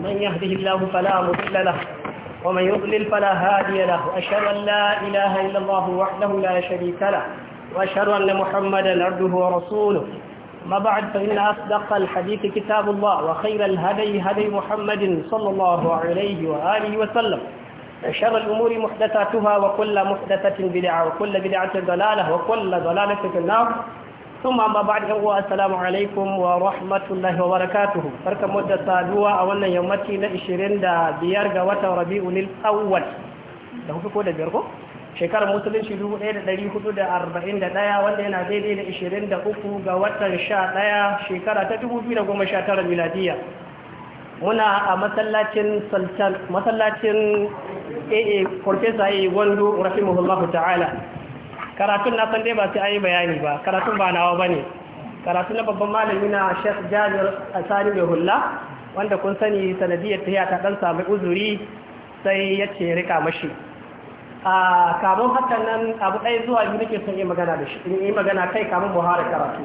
من يهده الله فلا مضل له ومن يضلل فلا هادي له اشهد ان لا اله الا الله وحده لا شريك له واشهد ان محمدا عبده ورسوله ما بعد فان اصدق الحديث كتاب الله وخير الهدي هدي محمد صلى الله عليه واله وسلم شر الأمور محدثاتها وكل محدثة بدعة وكل بدعة ضلالة وكل ضلالة في النار sun ma ba da uwa assalamu alaikum wa rahmatullahi wa barakatuhu barkan da saduwa a wannan yammaci na 25 ga watan rabi'ul awwal da hukuku da biyar ko shekarar musulunci 1441 wanda yana daidai da 23 ga watan 11 shekara ta 2019 miladiya muna a masallacin sultan masallacin AA Professor AA rahimahullahu ta'ala karatun na san dai ba sai an yi bayani ba karatun ba nawa ba ne karatun na babban malami na shek jabir asani mai hulla wanda kun sani sanadiyar ta ta dan samu uzuri sai ya ce rika mashi a kamun hakan nan abu ɗaya zuwa biyu nake son yi magana da shi in yi magana kai kamun buhari karatu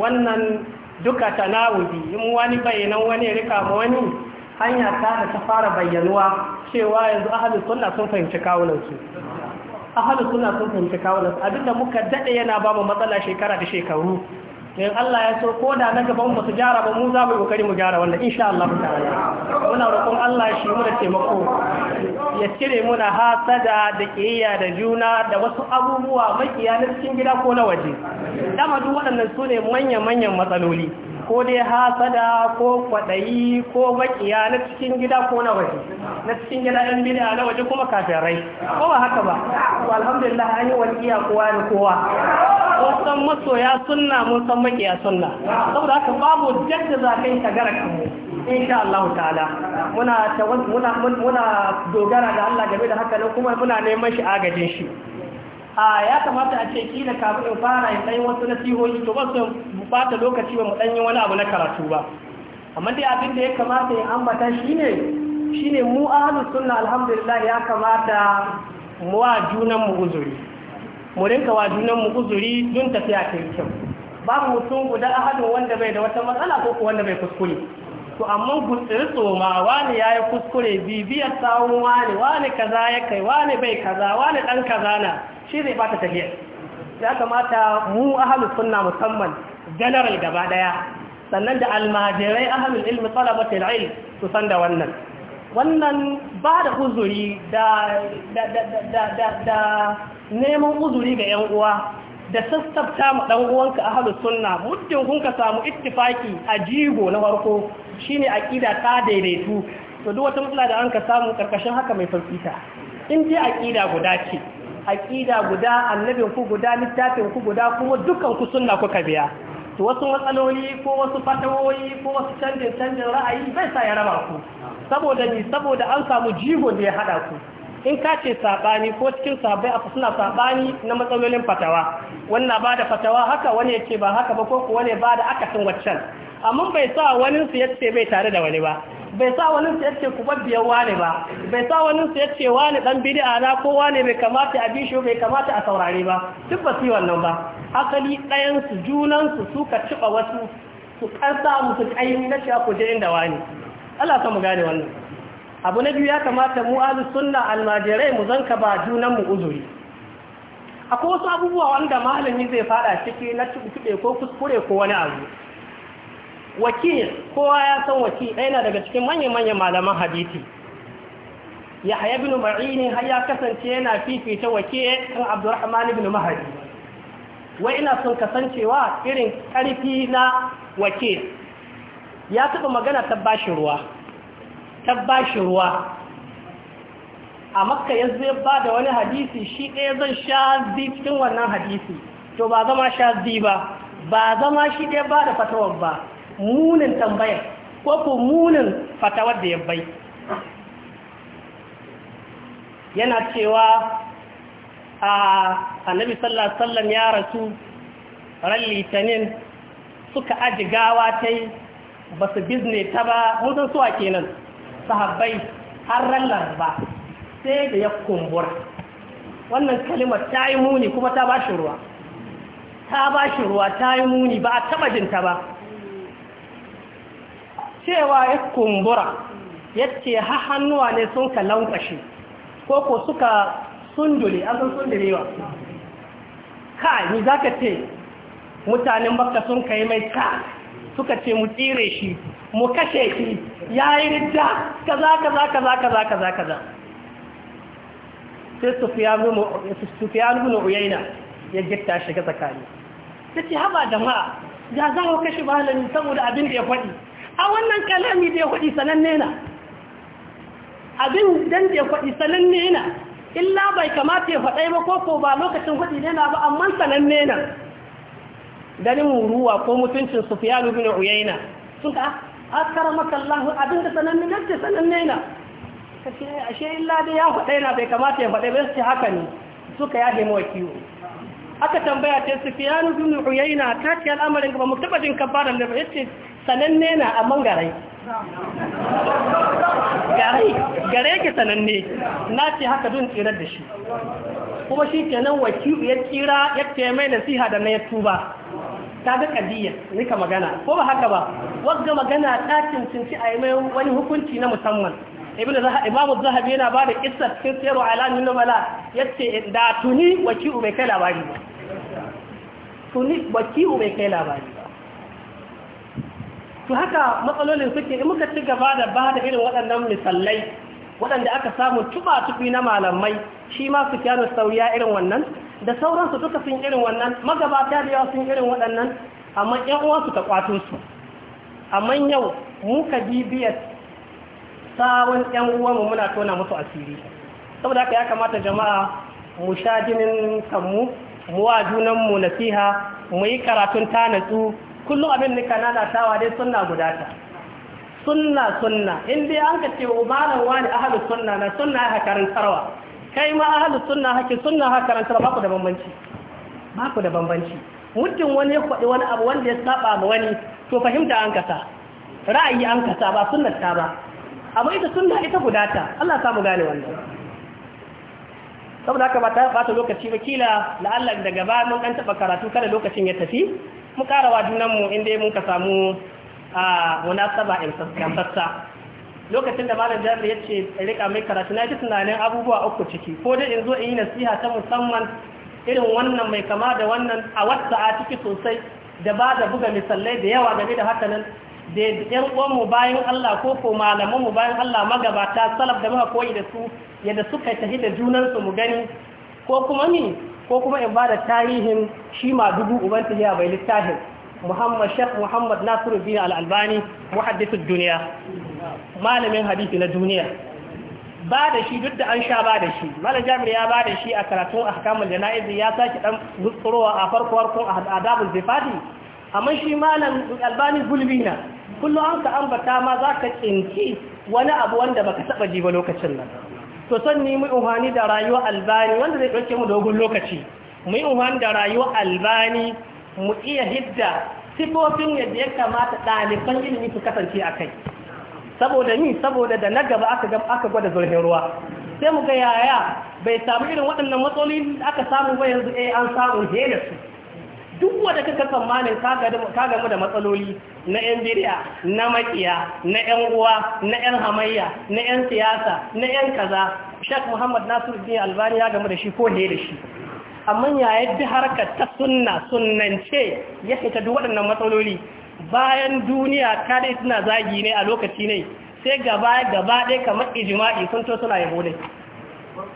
wannan duka nawudi in wani bayanan wani rika ma wani hanya ta da ta fara bayyanuwa cewa yanzu ahalin sunna sun fahimci kawunansu ahalu suna sun fahimci kawunan abinda muka daɗe yana ba mu matsala shekara da shekaru in Allah ya so ko da na gaban mu su gyara ba mu za mu kokari mu gyara wannan insha Allah ta'ala muna roƙon Allah shi mu da taimako ya cire muna hasada da kiyaya da juna da wasu abubuwa makiya na cikin gida ko na waje dama duk waɗannan su ne manyan manyan matsaloli ko dai hasada ko kwaɗayi ko baƙiya, na cikin gida ko na waje na cikin gida ɗan bida na waje kuma kafin rai ko ba haka ba to alhamdulillah an yi walƙiya kowa da kowa ko san masoya sunna mun san makiya sunna saboda haka babu jadda za ka yi ka gara kanmu insha Allah ta'ala muna muna dogara da Allah game da haka kuma muna neman shi agajin shi a ya kamata a ce kila kafin in fara in ɗan wasu nasihohi to ba su bata lokaci ba mu ɗan yi wani abu na karatu ba amma dai abin da ya kamata in ambata shine shine mu ahlus sunna alhamdulillah ya kamata mu wa junan mu uzuri mu rinka wa junan mu uzuri don tafiya ta yi kyau babu mutum guda ahadin wanda bai da wata matsala ko wanda bai kuskure to amma gutsiri tsoma wani ya yi kuskure bibiyar sawun wani wani kaza ya kai wani bai kaza wani ɗan kaza na shi zai bata tafiya ya kamata mu ahalus sunna musamman general gaba daya sannan da almajirai ahalul ilmi talabatul ilm su san da wannan wannan ba da uzuri da da neman uzuri ga yan uwa da sassafta mu dan uwanka ahalus sunna muddin kun ka samu ittifaki a jigo na farko shine aqida ta daidaitu to duk wata matsala da an ka samu karkashin haka mai falsifa in dai aqida guda ce aƙida guda annabin ku guda littafin ku guda kuma dukkan ku sunna kuka biya to wasu matsaloli ko wasu fatawoyi ko wasu canjin canjin ra'ayi bai sa ya raba ku saboda ni saboda an samu jigo da ya haɗa ku in ka ce saɓani ko cikin sabai a suna sabani na matsalolin fatawa wannan ba da fatawa haka wani ya ce ba haka ba ko wani ba da akasin waccan amma bai sa wani su ya bai tare da wani ba bai sa wani su yace ku babbiyar wane ba bai sa wani su yace wani dan bid'a na ko wane bai kamata a bishiyo bai kamata a saurare ba duk ba su wannan ba akali ɗayan su junan su suka ciba wasu su kansa musu ainihin na sha ku jin da wani Allah ka mu gane wannan abu na biyu ya kamata mu ahlus sunna almajirai mu zanka ba junan mu uzuri akwai wasu abubuwa wanda malami zai fada ciki na tuɓe ko kuskure ko wani abu wakil kowa ya san wakil ɗaya na daga cikin manyan-manyan malaman hadisi ya haya bin ma'ini har ya kasance yana fifita wakil kan abdurrahman bin mahadi wai ina son kasancewa irin karfi na wakil ya taɓa magana tabbashi ruwa tabbashi ruwa a makka ya zai ba da wani hadisi shi ɗaya zan sha zi cikin wannan hadisi to ba zama sha zi ba ba zama shi ɗaya ba da fatawar ba munin tambayar ko ko munin fatawar da ya bai yana cewa a annabi sallallahu alaihi wasallam ya rasu ran litinin suka aji gawa tai ba su bizne ta ba mutum suwa kenan sahabbai har ran ba sai da ya kumbura wannan kalimar ta yi muni kuma ta ba shi ruwa ta ba shi ruwa ta yi muni ba a taba jinta ba cewa ya kumbura ce ha hannuwa ne sun ka lankashi ko ko suka sundule sun sundule wa? ka ni zaka ce mutanen baka sun yi mai ka suka ce mu tsire shi mu kashe shi ka za ka kaza kaza kaza kaza za sai Sufiyanu bin Uyaina ya gita shiga tsakani. Ta ce, haba jama'a, ya za ku kashe malami saboda abin da ya faɗi, a wannan kalami da ya kwaɗi sananne na abin dan da ya kwaɗi sananne na illa bai kamata ya faɗai ba koko ba lokacin kwaɗi nena ba amma sananne na ganin ruwa ko mutuncin sufiyanu bin uyaina sun ka akara maka Allah abin da sananne na ce sananne na ashe illa da ya faɗai na bai kamata ya faɗai ba su haka ne suka yage mawa kiwo aka tambaya ce Sufyan ibn Uyayna ta ce al'amarin ba mu taba jin kafaran da ba yace sananne na amman garai garai gare yake sananne na ce haka dun tsirar da shi kuma shi kenan wakilu ya tsira ya ce mai nasiha da na ya tuba ta ga kadiyya ka magana ko ba haka ba wagga magana ta cincinci a yi mai wani hukunci na musamman ibnu imamu zahabi yana ba da kissar cikin sayarwa alamin numala yace da tuni waki'u bai kai labari ba tuni waki'u bai kai labari ba to haka matsalolin suke in muka ci gaba da ba da irin waɗannan misallai waɗanda aka samu tuba tufi na malamai shi ma su kyanu sauriya irin wannan da sauransu duka sun irin wannan magabata da yawa sun irin waɗannan amma ƴan uwansu ta kwato su amma yau muka bibiyar sawon yan uwanmu muna tona musu asiri saboda haka ya kamata jama'a mu sha jinin kanmu mu wa junanmu nasiha mu yi karatun ta natsu kullum abin nika nanatawa dai sunna gudata sunna sunna in dai an ka ce ubalan wani ahalus sunna na sunna ya karantarwa kai ma ahalus sunna hake sunna ha karantarwa ba ku da bambanci ba ku da bambanci muddin wani ya faɗi wani abu wanda ya saba ma wani to fahimta an kasa ra'ayi an kasa ba sunnar ta ba amma ita sunna ita gudata Allah samu gane wannan saboda haka ba ta bata lokaci ba kila la'alla da gaba mun dan taba karatu kada lokacin ya tafi mu wa junan mu inda mun ka samu a munasaba in sassa lokacin da malam jami'a ya ce rika mai karatu na ji tunanin abubuwa uku ciki ko dai in zo in yi nasiha ta musamman irin wannan mai kama da wannan a wata a ciki sosai da ba da buga misalai da yawa game da hakanan da yan uwanmu bayan Allah ko ko bayan Allah magabata salaf da muka koyi da su yadda suka tafi da junansu mu gani ko kuma ni ko kuma in bada tarihin shi ma dubu uban tahiya bai littafin Muhammad Sheikh Muhammad Nasiruddin Al-Albani muhaddithud duniya malamin hadisi na duniya ba da shi duk da an sha ba da shi malam jami'ar ya ba da shi a karatun ahkamul jana'iz ya saki dan gutsurowa a farko farkon adabul zifati amma shi malam albani gulbina kullum an ka ambata ma za ka tsinci wani abu wanda baka taba ji ba lokacin nan to son ni mu uhani da rayuwar albani wanda zai ɗauke mu dogon lokaci mu yi uhani da rayuwar albani mu iya hidda sifofin yadda ya kamata ɗaliban ilimi su kasance a kai saboda ni saboda da na gaba aka gwada zurfin ruwa sai mu ga yaya bai samu irin waɗannan matsaloli aka samu ba yanzu eh an samu hela su duk wanda kaka tsammanin ka gamu da matsaloli na yan biriya na makiya na yan uwa na yan hamayya na yan siyasa na yan kaza shek muhammad nasiru din albani ya gamu da shi ko ne da shi amma ya yadda harkar ta sunna sunnance ya fita duk waɗannan matsaloli bayan duniya ta dai suna zagi ne a lokaci ne sai gaba gaba ɗaya kamar ijima'i sun to suna yabo ne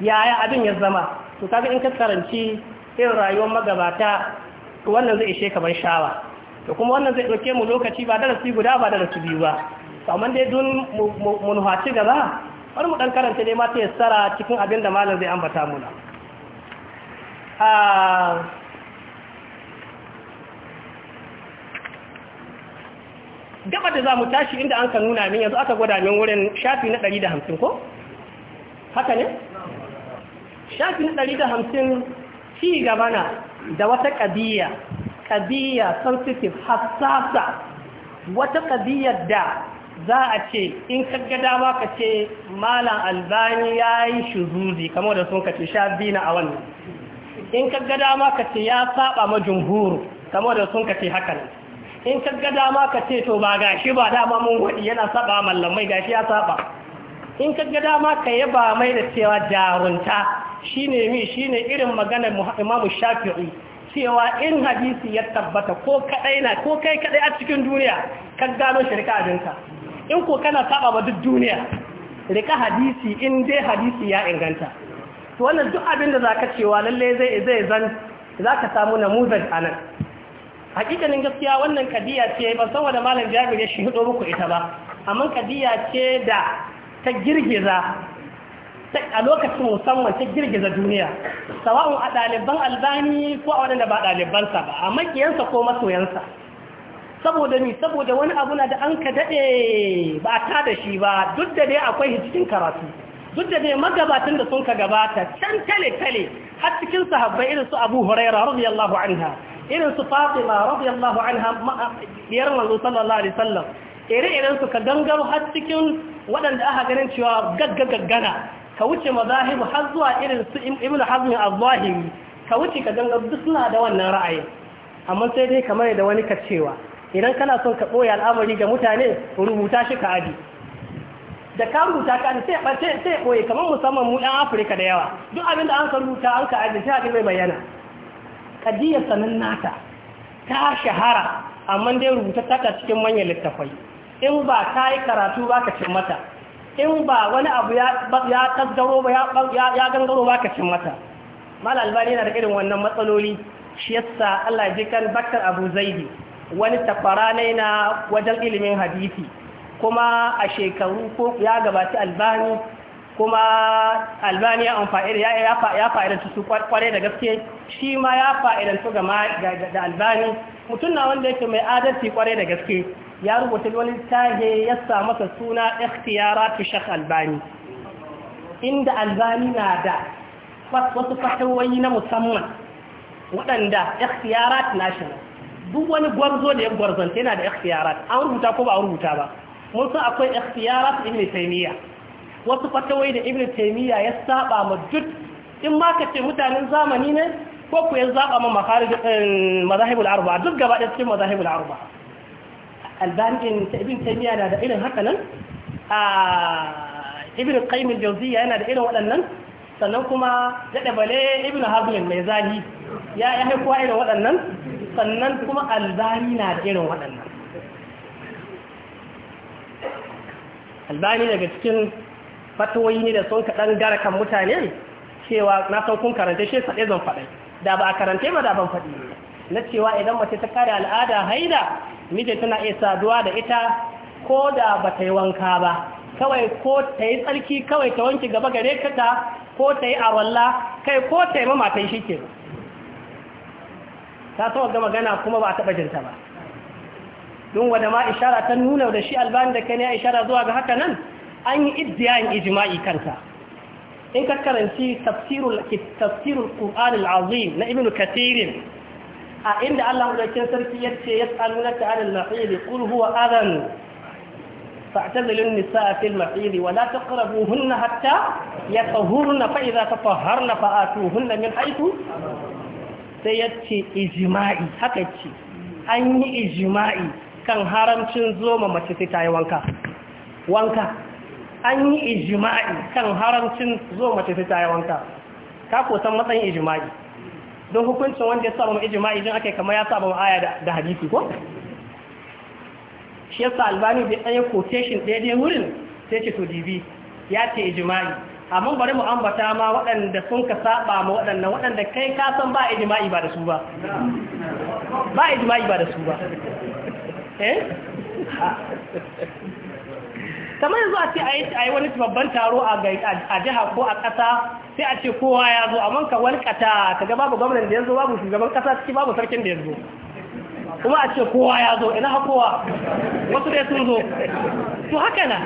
yaya abin ya zama to kaga in ka karanci irin rayuwar magabata to wannan zai ishe kamar shawa to kuma wannan zai ɗauke mu lokaci ba darasi guda ba darasi biyu ba to amma dai don mun haci gaba bar mu ɗan karanta dai ta yassara cikin abin da malam zai ambata muna ah, gaba da za mu tashi inda an ka nuna min yanzu aka gwada min wurin shafi na 150 ko? haka ne? shafi na 150 ci gaba na da wata ƙabiya ƙabiya sensitive hassasa wata ƙabiyar da za a ce in kagga dama ka ce malam albani ya yi shuzuzi kamar da sun kace sha biyu a wannan in kagga dama ka ce ya saba ma jumhur kamar da sun kace haka ne in kagga dama ka ce to ba gashi ba dama mun wadi yana saba mallamai gashi ya saba in ka ga dama ka yaba mai da cewa jarunta shine mi shine irin magana Imam Shafi'i cewa in hadisi ya tabbata ko kadai na ko kai kadai a cikin duniya ka gano shirka abinka in ko kana saba ba duk duniya rika hadisi in dai hadisi ya inganta to wannan duk abin da zaka cewa lalle zai zai zan zaka samu namuzan anan hakikanin gaskiya wannan kadiya ce ban san wanda malam Jabir ya shi hudo muku ita ba amma kadiya ce da ta girgiza a lokacin musamman ta girgiza duniya sawa'un a ɗaliban albani ko a waɗanda ba ɗalibansa ba a makiyansa ko masoyansa saboda ni saboda wani abu na da an ka daɗe ba ta da shi ba duk da dai akwai cikin karatu duk da dai magabatan da sun ka gabata can tale-tale har cikin sahabbai irin su abu huraira radiyallahu anha irin su fatima radiyallahu anha biyar wanzu sallallahu alaihi sallam ire-iren su ka gangaro har cikin waɗanda aka ganin cewa gagga-gaggana ka wuce mazahibu har zuwa irin su ibn hazmin al-zahiri ka wuce ka ganga duk suna da wannan ra'ayin amma sai dai kamar da wani ka cewa idan kana son ka ɓoye al'amari ga mutane rubuta shi ka adi da ka rubuta ka adi sai sai ɓoye kamar musamman mu ɗan afirka da yawa duk abin da an ka rubuta an ka adi sai abin mai bayyana kadiyar sanin nata ta shahara amma dai rubuta ta cikin manyan littafai in ba ta yi karatu ba ka cin mata in ba wani abu ya kasgaro ba ya gangaro ba ka cin mata mala albani yana da irin wannan matsaloli shi yasa Allah ya jikan bakar abu zaidi wani tafara na yana wajen ilimin hadisi kuma a shekaru ko ya gabaci albani kuma albani ya amfani ya fa'idantu su kware da gaske shi ma ya fa'idantu ga da albani mutum na wanda yake mai adalci kware da gaske ya rubuta wani tage ya samata masa suna ikhtiyaratu shekh albani inda albani na da wasu fatawoyi na musamman waɗanda ikhtiyarat national duk wani gwarzo da ya gwarzanta yana da ikhtiyarat an rubuta ko ba an rubuta ba mun san akwai ikhtiyarat ibn taimiyya wasu fatawai da ibn taimiyya ya saba ma duk in ma ka ce mutanen zamani ne ko ku ya zaba ma eh, mazahibul arba duk gaba da cikin mazahibul arba albani ibn taymiya na da irin haka nan a ibin kaimin yana da irin waɗannan sannan kuma da bale ibn hazm mai zahi ya yi haikuwa irin waɗannan sannan kuma albani na da irin waɗannan albani daga cikin fatawoyi ne da sun kaɗan gara kan mutane cewa na san kun karanta shi faɗe zan faɗai da ba a karanta ba da ban faɗi na cewa idan mace ta kare al'ada haida mijin tana iya saduwa da ita ko da bata yi wanka ba kawai ko ta yi tsarki kawai ta wanki gaba gare kata ko ta yi awalla kai ko ta yi mamatan shi ke ta sama ga magana kuma ba a taɓa jinta ba don wadda ma ishara ta nuna da shi albani da kane ishara zuwa ga haka nan an yi iddiyayin ijima'i kanta in ka karanci tafsirul qur'an al-azim na ibnu kathirin a inda Allah madaukin sarki ya ce ya tsanu ta anil mahiri qul huwa adan fa'tazilun a fil mahiri wa la taqrabuhunna hatta yatahurna fa idza tatahharna fa'atuhunna min haythu sai ya ce ijma'i haka ce an yi ijma'i kan haramcin zoma mace sai ta yi wanka wanka an yi ijima'i kan haramcin zo mace ta yi wanka ka ko san matsayin ijima'i don hukuncin wanda ya saba ma ijma'i idan aka kama ya saba ma aya da hadisi ko shi yasa albani bai tsaye quotation ɗaya dai wurin sai ce to dibi ya ce ijma'i amma bari mu ambata ma waɗanda sun ka saba ma waɗannan waɗanda kai ka san ba ijma'i ba da su ba ba ijma'i ba da su ba eh kamar yanzu a ce a yi wani babban taro a jiha ko a ƙasa sai a ce kowa ya zo amma ka walƙata ta ga babu gwamnan da ya zo babu shugaban ƙasa ciki babu sarkin da ya zo kuma a ce kowa ya zo ina kowa wasu dai sun zo to haka na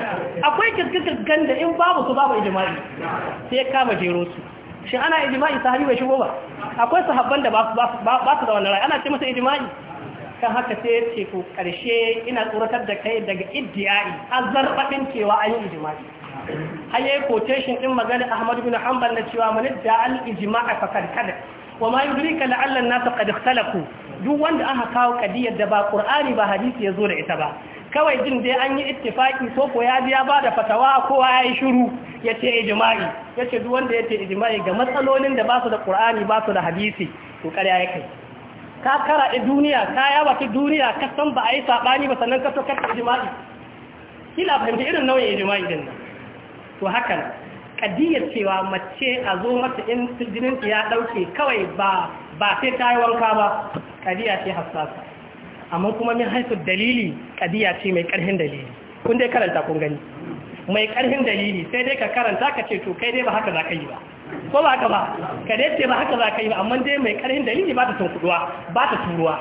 akwai kirkirkan da in babu su babu ijima'i sai kama jero su shin ana ijima'i sahabi bai shigo ba akwai sahabban da ba su da wani rai ana ce masa ijima'i akan haka sai ya ce to ƙarshe ina tsoratar da kai daga iddiya'i har faɗin cewa an yi ijma'i har yai quotation din magana Ahmad bin Hanbal na cewa man da al ijma'a fa kad kada wa ma yudrika la'alla an-nas qad ikhtalafu duk wanda aka kawo kadiyar da ba Qur'ani ba hadisi ya zo da ita ba kawai jin dai an yi ittifaki so ko ya biya ba da fatawa kowa yayi shiru ya ce ijma'i ya ce duk wanda ya ce ijma'i ga matsalolin da ba su da Qur'ani ba su da hadisi to ƙarya ya kai ka kara duniya ka yawa ta duniya ka san ba a yi saɓani ba sannan ka so karka jima'i kila fahimci irin nau'in jima'i din to haka kadiyar cewa mace a zo mata in jininta ya ɗauke kawai ba ba sai ta yi wanka ba kadiya ce hassasa amma kuma min haifar dalili kadiya ce mai ƙarhin dalili kun dai karanta kun gani mai ƙarhin dalili sai dai ka karanta ka ce to kai dai ba haka za ka yi ba ko ba ka ba ka dai ce ba haka za ka yi ba amma dai mai karin dalili ba ta tunkuduwa ba ta turuwa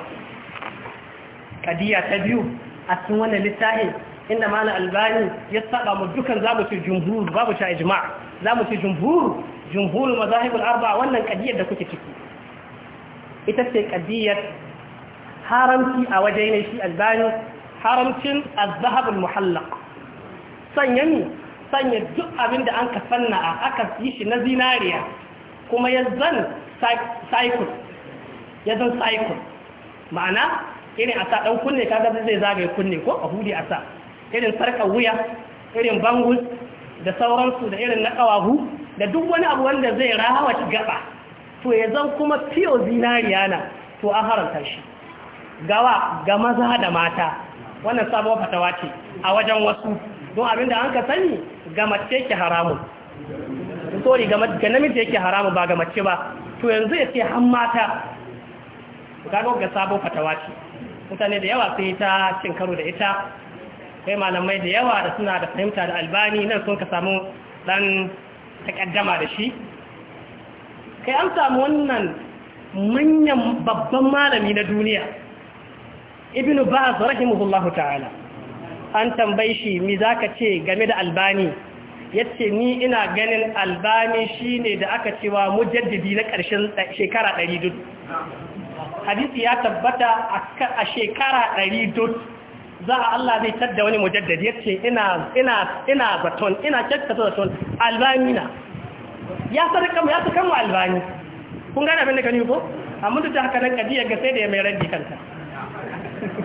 kadiya ta biyu a cikin wannan littafin inda mana albani ya saba mu dukan mu ci jumhur babu sha ijma zamu ci jumhur jumhur mazahibul arba wannan kadiyar da kuke ciki ita ce kadiyar haramci a waje shi albani haramcin azhabul muhallaq sanya sanya duk abin da an ka sanna a aka yi shi na zinariya kuma ya zan cycle ya zan cycle ma'ana irin asa ɗan kunne ka kaga zai zagaye kunne ko a hudi asa. irin sarka wuya irin bangus da sauransu da irin na ƙawahu da duk wani abu wanda zai rahawa gaba to ya zan kuma fiyo zinariya na to an haranta shi gawa ga maza da mata wannan sabuwar fatawa ce a wajen wasu don abin da an ka sani ga mace ke haramun sorry ga namiji yake haramu ba ga mace ba to yanzu ya ce han mata gano ga sabon fatawa ce mutane da yawa sai ta cin karo da ita kai malamai da yawa da suna da fahimta da albani nan sun ka samu dan takaddama da shi kai an samu wannan manyan babban malami na duniya ibnu ba'az rahimahullahu ta'ala an tambayi shi mi za ka ce game da albani ya ce ni ina ganin albani shi ne da aka cewa mujaddidi na ƙarshen shekara ɗari dut hadisi ya tabbata a shekara ɗari dut za a Allah zai tadda wani mujaddadi ya ce ina baton ina kyakkata baton albani na ya kama ya sarkan wa albani kun gane abin da gani ko amma duk ta haka nan kadiyar ga sai da ya mai randi kanta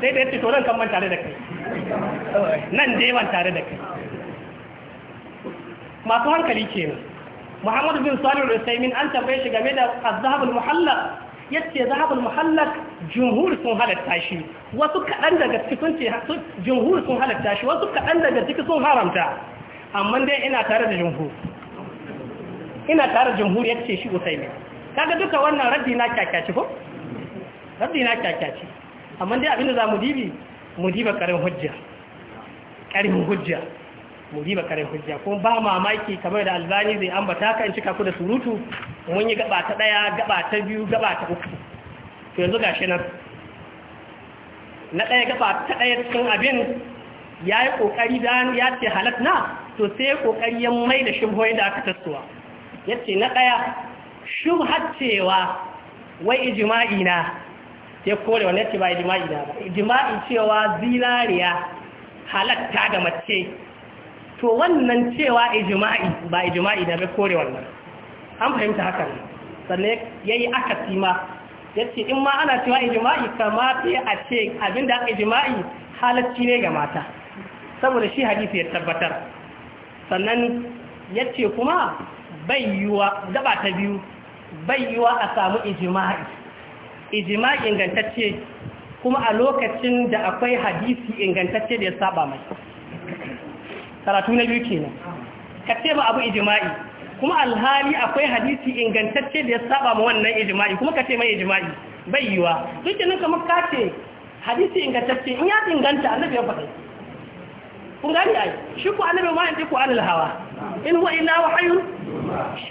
sai da ya ce to nan kan manta da kai nan da ban tare da kai masu hankali ke Muhammadu bin salim rusaimin an tambaye shi game da azhabul muhallaq yace azhabul muhallak jumhur sun halatta shi wasu kaɗan daga cikin ce jumhur sun halatta shi wasu kaɗan daga cikin sun haramta amma dai ina tare da jumhur ina tare da jumhur yace shi usaimi kaga duka wannan raddi na kyakkyaci ko raddi na kyakkyaci amma dai abinda zamu dibi mu karin hujja karin hujja mujiba karin hujja kuma ba mamaki kamar da albani zai ambata ka in cika ku da surutu mun yi gaba ta daya gaba ta biyu gaba ta uku to yanzu gashi nan na daya gaba ta daya cikin abin ya yi kokari da ya ce halat na to sai kokari ya mai da shubhoyin da aka Ya yace na daya shubhat cewa wai ijma'i na sai kore wannan ce ba ijima'i da ba ijima'i cewa zinariya halatta ga mace to wannan cewa ijima'i ba ijima'i da bai kore wannan an fahimta haka ne sannan ya yi aka ma ya ce in ma ana cewa ijima'i kamata a ce abinda aka ijima'i halacci ne ga mata saboda shi hadisi ya tabbatar sannan ya ce kuma bai yiwuwa gaba ta biyu bai yiwuwa a samu ijima'i ijima ingantacce kuma a lokacin da akwai hadisi ingantacce da ya saba mai karatu na biyu kenan ka ce ba abu ijima'i kuma alhali akwai hadisi ingantacce da ya saba ma wannan ijima'i kuma ka ce mai ijima'i bai yiwa duk da nan kamar ka ce hadisi ingantacce in ya inganta annabi ya faɗa kun gani ai shi ku annabi ma yanzu ku anil hawa in huwa illa wahyun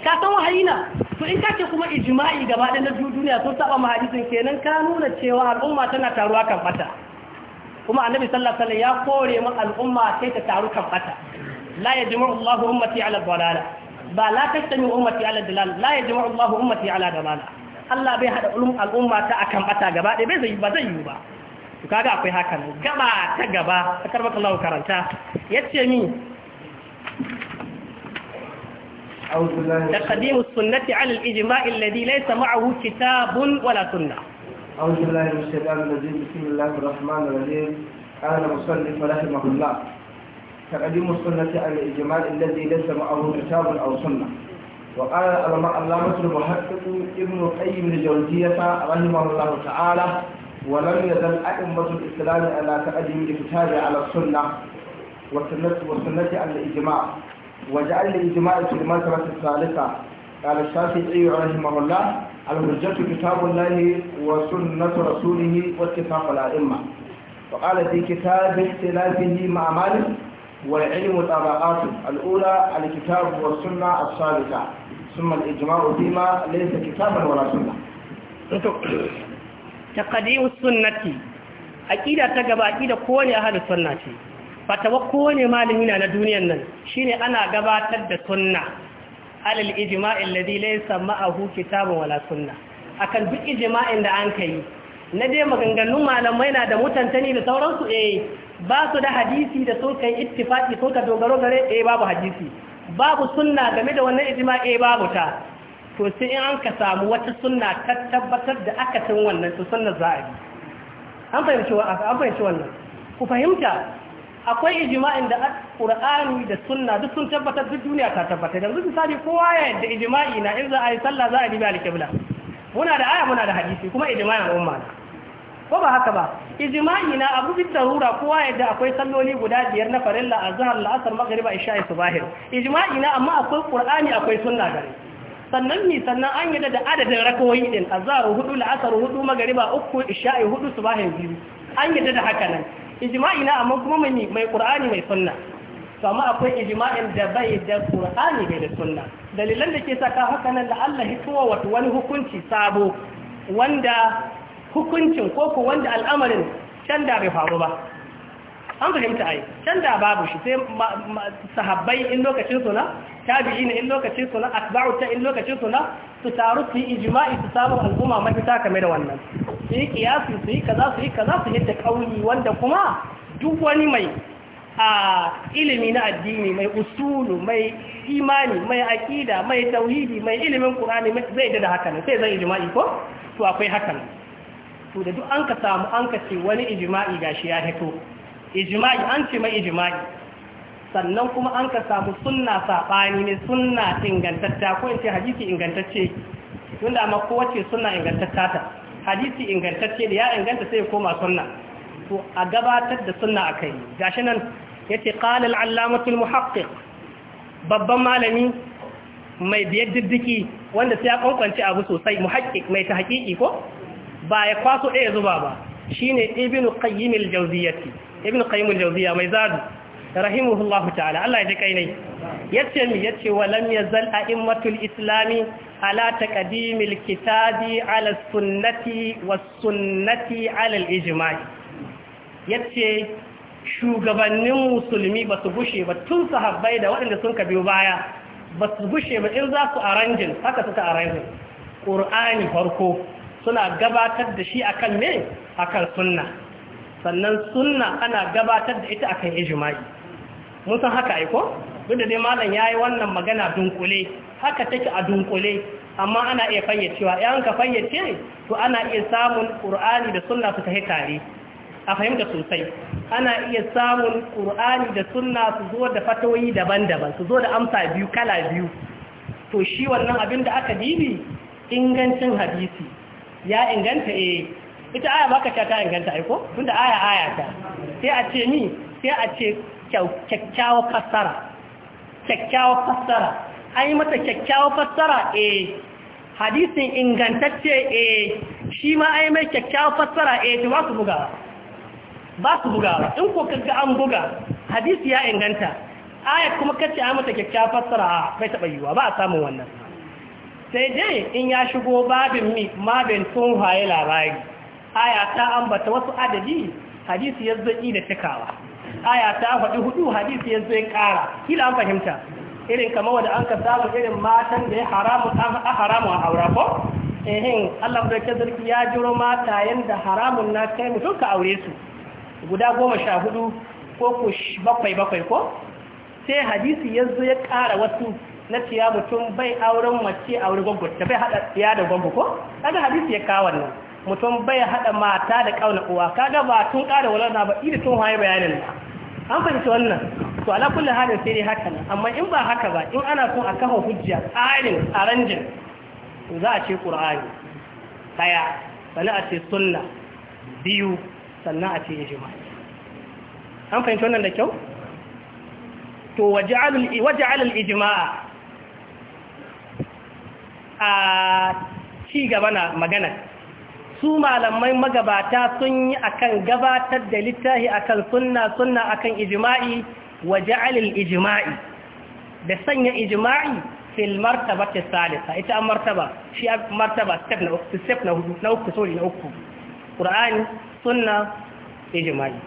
ka san wahayi na to in kace kuma ijma'i gaba da na duniya sun saba ma hadisin kenan ka nuna cewa al'umma tana taruwa kan fata kuma annabi sallallahu alaihi wasallam ya kore mu al'umma sai ta taru kan fata la yajma'u Allahu ummati ala dalala ba la tajtami ummati ala dalala la yajma'u Allahu ummati ala dalala Allah bai hada al'umma ta akan bata gaba ɗaya bai zai ba zai yi ba kaga akwai hakan gaba ta gaba a karbata lau karanta ya ce ni da kadimu sunnati an al'ijima illadi laisa ma'ahu kitabun wala sunna قال المصنف رحمه الله تقديم السنة على الإجماع الذي ليس معه كتاب أو سنة وقال الله مصر محقق ابن أي من جوزية رحمه الله تعالى ولم يزل أئمة الإسلام على تقدم الكتاب على السنة والسنة والسنة على الإجماع وجعل الإجماع في المرتبة الثالثة قال الشافعي رحمه الله الحجة كتاب الله وسنة رسوله واتفاق الأئمة وقال في كتاب اختلافه مع مالك والعلم طبقاته الأولى الكتاب والسنة الثابتة ثم الإجماع فيما ليس كتابا ولا سنة taqdi'us sunnati aqida ta gaba aqida kowane ahlus sunna ce fatawa kowane malami na duniyar nan shine ana gabatar da sunna alal ijma'i alladhi laysa ma'ahu kitabun wala sunna akan duk ijma'in da an kai na dai maganganun malamai na da mutantani da sauransu eh ba su da hadisi da sun kai ittifaqi sun ka dogaro gare eh babu hadisi babu sunna game da wannan ijma'i eh babu ta to sai in an ka samu wata sunna ta tabbatar da san wannan to sunna za a bi an fahimci wannan ku fahimta akwai ijma'in da Qur'ani da sunna duk sun tabbatar duk duniya ta tabbatar yanzu misali kowa ya yadda ijma'i na in za a yi sallah za a dibi al-qibla muna da aya muna da hadisi kuma ijma'in umma ko ba haka ba ijma'i na abu bi tarura kowa ya yadda akwai salloli guda biyar na farilla azhar al'asr maghrib isha'i subahir ijma'i na amma akwai Qur'ani akwai sunna gare sannan mi sannan an yadda da adadin rakawoyi din azhar hudu la'asar hudu magariba uku isha'i hudu subahin biyu an yadda da haka nan ijma'i na amma kuma mai mai qur'ani mai sunna to amma akwai ijima'i da bai da qur'ani bai da sunna dalilan da ke saka haka nan da Allah hitowa wato wani hukunci sabo wanda hukuncin ko wanda al'amarin can da bai faru ba an fahimta ai can da babu shi sai sahabbai in lokacin su na tabi'i in lokacin su na asba'u ta in lokacin su na su taru su yi ijma'i su samu al'umma mafita kame da wannan su yi kiyasi su yi kaza su kaza su yadda kauli wanda kuma duk wani mai a ilimi na addini mai usulu mai imani mai aƙida mai tauhidi mai ilimin qur'ani zai da haka ne sai zai ijma'i ko to akwai haka ne to da duk an ka samu an ka ce wani ijma'i gashi ya hito ijma'i an ce mai ijima'i sannan kuma an ka samu sunna saɓani ne sunna ingantatta ko in ce hadisi ingantacce tun da amma kowace sunna ingantatta ta hadisi ingantacce da ya inganta sai koma sunna to a gabatar da sunna a kai gashi nan ya ce ƙalil allamatul muhaqqiq babban malami mai biyar diddiki wanda sai ya kwankwance abu sosai muhaqqiq mai ta haƙiƙi ko ba ya kwaso ɗaya zuba ba shine ibnu qayyim al-jawziyyati ibn qayyim al-jawziya mai zadu Rahimahullahu ta'ala Allah ya ji kainai. yace mi yace wa lam yazal a'immatul islami ala taqdimil kitabi ala sunnati was sunnati ala al-ijma' yace shugabannin musulmi ba su gushe ba tun sahabbai da waɗanda sun ka biyo baya ba su gushe ba in za su aranjin haka suka aranjin ƙur'ani farko suna gabatar da shi akan me akan sunna sannan sunna ana gabatar da ita akan ijma'i mun san haka aiko duk da dai malam yi wannan magana dunkule haka take a dunkule amma ana iya fayyacewa idan ka fayyace to ana iya samun ƙur'ani da sunna su tafi tare a fahimta sosai ana iya samun ƙur'ani da sunna su zo da fatoyi daban-daban su zo da amsa biyu kala biyu to shi wannan abin da aka dibi ingancin hadisi ya inganta eh ita aya baka ta inganta aiko tunda aya aya ta sai a ce ni sai a ce kyakkyawa fassara kyakkyawa fassara an yi mata kyakkyawa fassara eh hadisin ingantacce eh shi ma an yi mai kyakkyawa fassara eh to ba su bugawa ba su bugawa in ko kaga an buga hadisi ya inganta aya kuma kace a mata kyakkyawa fassara ah, bai taɓa yiwa ba a samun wannan sai dai in ya shigo babin mi mabin tun haye labari aya ta ambata wasu adadi hadisi ya zo da cikawa aya ta faɗi hudu hadisi ya zo ya ƙara kila an fahimta irin kamar wanda an ka samu irin matan da ya haramu a haramu a aura ko ehin Allah da ke zarki ya jiro mata yanda haramun na kai mutum ka aure su guda goma sha hudu ko ku bakwai bakwai ko sai hadisi ya zo ya ƙara wasu na ciya mutum bai auren mace aure gwaggo ta bai haɗa ya da gwaggo ko kaga hadisi ya kawo nan mutum bai haɗa mata da ƙauna uwa kaga ba tun ƙara na ba idi tun haye bayanin ba an fahimci wannan to ala kullu sai dai haka nan amma in ba haka ba in ana son a kafa hujja tsarin aranjin to za a ce qur'ani daya sannan a ce sunna biyu sannan a ce ijma an fahimci wannan da kyau to waj'alul waj'alul ijma'a a ci gaba na magana su malamai magabata sun yi akan gabatar da littafi akan sunna sunna akan ijima'i wa ja'alil ijima'i. da sanya ijima'i fil martaba ta salisa ita an martaba shi martaba step na uku step na hudu na uku sorry na uku qur'ani sunna ijma'i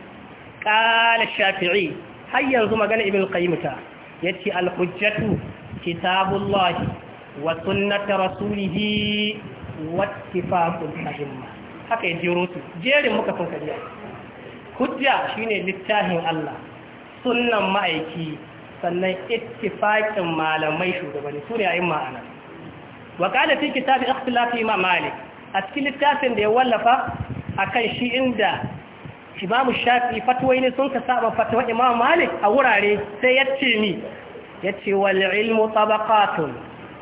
qala shafi'i har yanzu magana ibn qayyim ta yace al hujjatu kitabullahi wa sunnatu rasulihi wattifaqul a'imma haka ya jero jerin muka sun kajiya hujja shine littafin Allah sunnan ma'aiki sannan ittifaqin malamai shugabanni su ne a'imma ana wa qala fi kitabi ikhtilafi imam malik a cikin littafin da ya wallafa akan shi inda imam shafi fatwa ne sun ka saba fatwa imam malik a wurare sai ya ce ni ya ce wal ilmu tabaqatun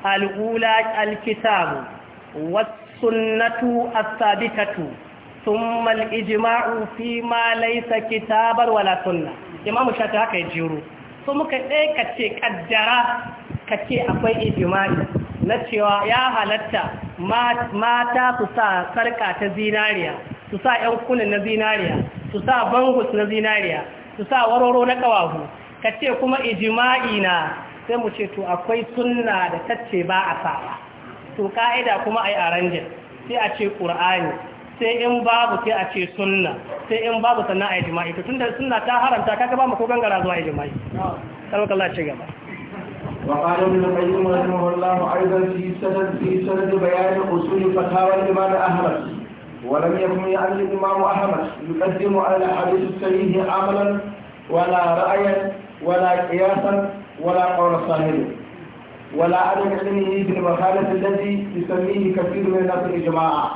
al-ula al-kitabu والسنة الثابتة ثم الإجماع فيما ليس كتابا ولا سنة إمام الشافعي هكا يجيرو ثم كتي قدرا كتي أقوي إجماعي na cewa ya halatta mata su sa sarka ta zinariya su sa ‘yan kunin na zinariya su sa bangus na zinariya su sa waroro na kawahu ka ce kuma ijima'i na sai mu ce to akwai sunna da tacce ba a sawa to ka'ida kuma yi arrangin sai a ce qur'ani sai in babu sai a ce sunna sai in babu sannan yi jima'i to tunda sunna ta haramta kaga ba mu ko gangara zuwa ai jima'i sallallahu a ce gaba وقال ابن القيم رحمه الله da في سند في سند Ahmad. اصول ya kuma احمد ولم يكن يعني الامام احمد يقدم على الاحاديث الصحيحه عملا ولا رايا ولا قياسا ولا قول صاحبه ولا عدم علمه بالمخالف الذي يسميه كثير من الناس الجماعة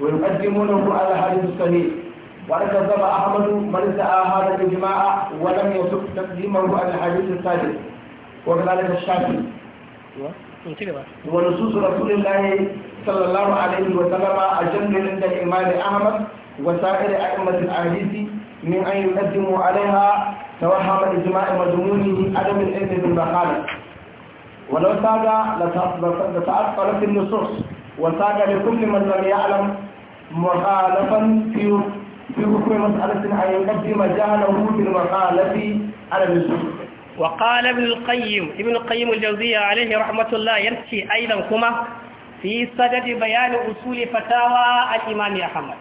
ويقدمونه على هذا الصحيح وكذب أحمد من ادعى هذا الإجماع ولم يسب تقديمه على الحديث الثالث وكذلك الشافعي ونصوص رسول الله صلى الله عليه وسلم أجل عند الإمام أحمد وسائر أئمة الأحاديث من أن يقدموا عليها توهم إجماع مضمونه عدم العلم بالمخالف ولو ساد لتعطلت النصوص وساد لكل من لم يعلم مخالفا في في حكم مسألة أن يقدم جهله في المخالف على النصوص وقال ابن القيم ابن القيم الجوزية عليه رحمة الله يرشي أيضا كما في صدد بيان أصول فتاوى الإمام أحمد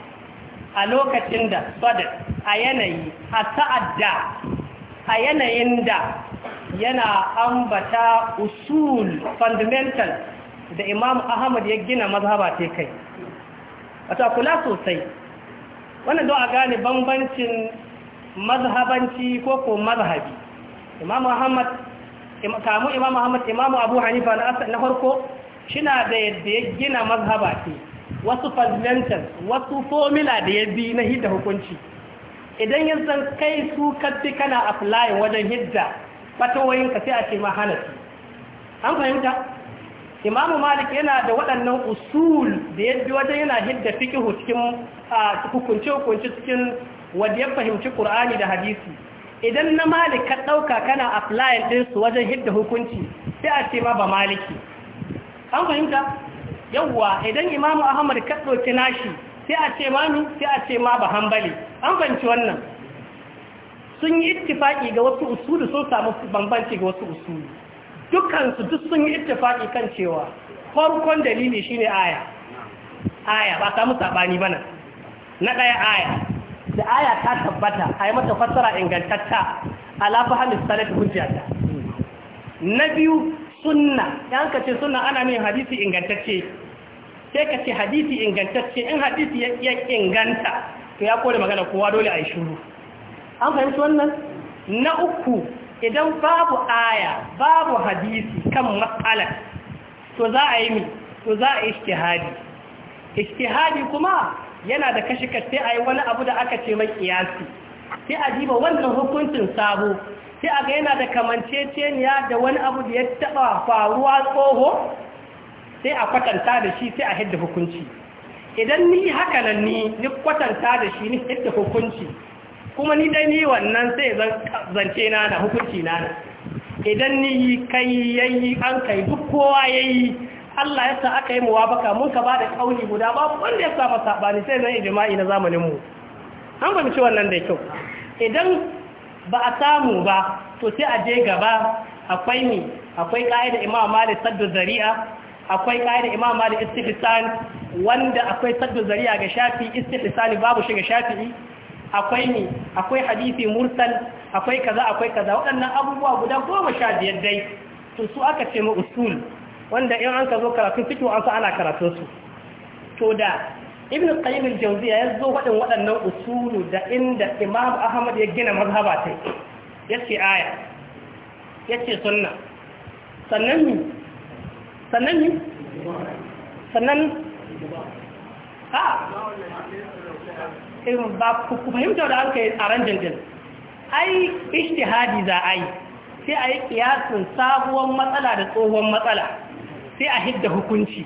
ألوكا تندى صدد أيني أتعدى a yanayin da yana ambata usul fundamental da imam ahmad ya gina mazhaba ta kai wata kula sosai wannan don a gane bambancin mazhabanci ko ko mazhabi imam ahmad kamun imam ahmad imam abu hanifa na farko shina da yadda ya gina mazhaba ta wasu fundamental wasu formula da ya bi na hidda hukunci idan ya san kai su kaddi kana aflayin wajen hijja fatawoyinka sai a ce ma an fahimta imamu malik yana da waɗannan usul da ya bi wajen yana hidda fikihu cikin hukunci hukunce cikin wadda ya fahimci ƙur'ani da hadisi idan na malik ka ɗauka kana aflayin ɗinsu wajen hidda hukunci sai a ce ma ba maliki an fahimta yawwa idan imamu ahmad ka ɗauki nashi sai a ce manu sai a ce ma ba hambali an banci wannan sun yi ittifaki ga wasu usulu sun samu bambanci ga wasu usuli dukansu duk sun yi ittifaki kan cewa farkon dalili shine aya aya ba samu sabani bana na daya aya da aya ta tabbata a mata fassara ingantatta ala fahimtar salatu hujjata na biyu sunna yanka ce sunna ana min hadisi ingantacce sai ka ce hadisi ingantacce in hadisi ya inganta to ya kore magana kowa dole a yi shuru an fahimci wannan na uku idan babu aya babu hadisi kan matsala to za a yi mi to za a yi ishtihadi ishtihadi kuma yana da kashi sai a yi wani abu da aka ce mai kiyasi sai a jiba wannan hukuncin sabo sai a ga yana da kamanceceniya da wani abu da ya taba faruwa tsoho sai a kwatanta da shi sai a hidda hukunci idan ni haka nan ni ni kwatanta da shi ni hidda hukunci kuma ni dai ni wannan sai zance na na hukunci na idan ni kai yayi an kai duk kowa yayi Allah ya sa aka yi muwafaka mun ka bada kauli guda ba wanda ya samu sabani sai zan jima'i na zamanin mu an ba mu wannan da kyau idan ba a samu ba to sai a je gaba akwai ni akwai ka'ida Imam Malik saddu zari'a akwai ƙa'ida imam da istihsan wanda akwai saddu zariya ga shafi istihsan babu shi ga shafi'i akwai ni akwai hadisi mursal akwai kaza akwai kaza waɗannan abubuwa guda goma sha biyar dai to su aka ce mu usul wanda in an ka zo karatu fito an sa ana karatunsu. su to da ibn qayyim al-jawziya ya zo waɗannan usulu da inda imam ahmad ya gina mazhabata yace aya yace sunna sannan sannan yi sannan eh, ba ku fahimta da an kai a ran janjan ai ishtihadi za a yi sai a yi kiyasin sabuwar matsala da tsohon matsala sai a hidda hukunci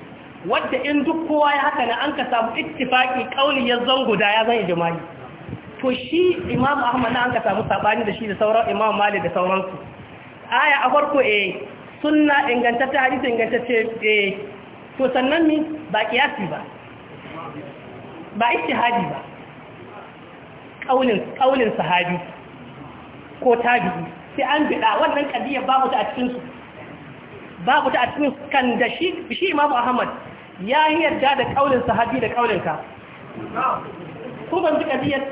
wadda in duk kowa ya haka na an ka samu ittifaki kauli ya guda ya zan ijimai to shi imam ahmad na an ka samu sabani da shi da sauran imam malik da sauransu aya a farko eh sunna ingantacce hadisi ingantacce ce eh, to sannan mi ba kiyasi ba ba hadi ba kaulin kaulin sahabi ko tabi sai an bida wannan kadiya babu ta a cikinsu. babu ta a cikin kan da shi shi Imam Ahmad ya yarda da kaulin sahabi da kaulin ka ko ban ji kadiyar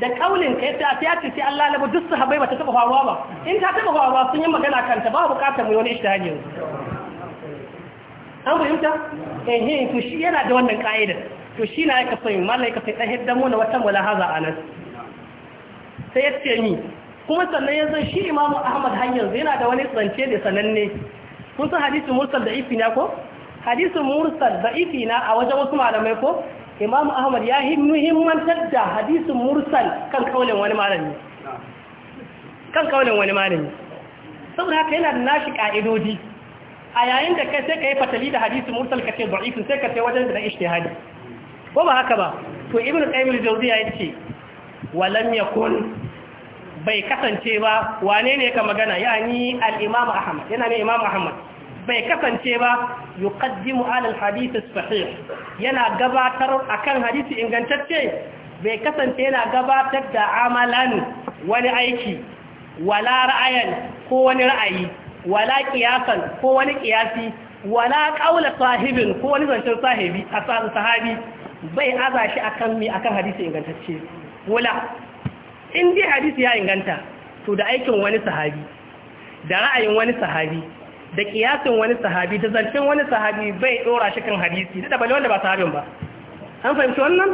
da kaulin ka yadda ta ce sai Allah labu duk sahabbai ba ta taba faruwa ba in ta taba faruwa sun yi magana kanta ba bukatar mu wani ishtihadi yanzu an fahimta eh eh to shi yana da wannan ka'idar to shi na yake fahim mallai ka sai dan hidda mu na wata mulahaza anas sai ya ni kuma sannan yanzu shi Imam Ahmad har yanzu yana da wani tsance da sananne kun san hadisi mursal da ifina ko hadisi mursal da ifina a wajen wasu malamai ko imam ahmad ya muhimmantar da hadisin mursal kan kaulin wani malami kan kaulin wani malami saboda haka yana da nashi ka'idodi a yayin da kai sai ka yi fatali da hadisin mursal ka ce da'ifin sai ka sai wajen da ishtihadi ko ba haka ba to ibn qayyim al-jawziya yace walam yakun bai kasance ba wane ne ka magana ni al-imam ahmad yana ne imam ahmad bai kasance ba yi ala alhadith as-sahih yana gabatar akan hadisi ingantacce bai kasance yana gabatar da amalan wani aiki wala ra'ayan ko wani ra'ayi wala kiyasan ko wani kiyasi wala qaula sahibin ko wani zancen sahibi asan sahabi bai aza shi kan mi akan hadisi ingantacce Wula, in ji hadisi ya inganta to da aikin wani sahabi da ra'ayin wani sahabi da kiyasin wani sahabi da zancen wani sahabi bai dora shi kan hadisi da bale wanda ba sahabin ba an fahimci wannan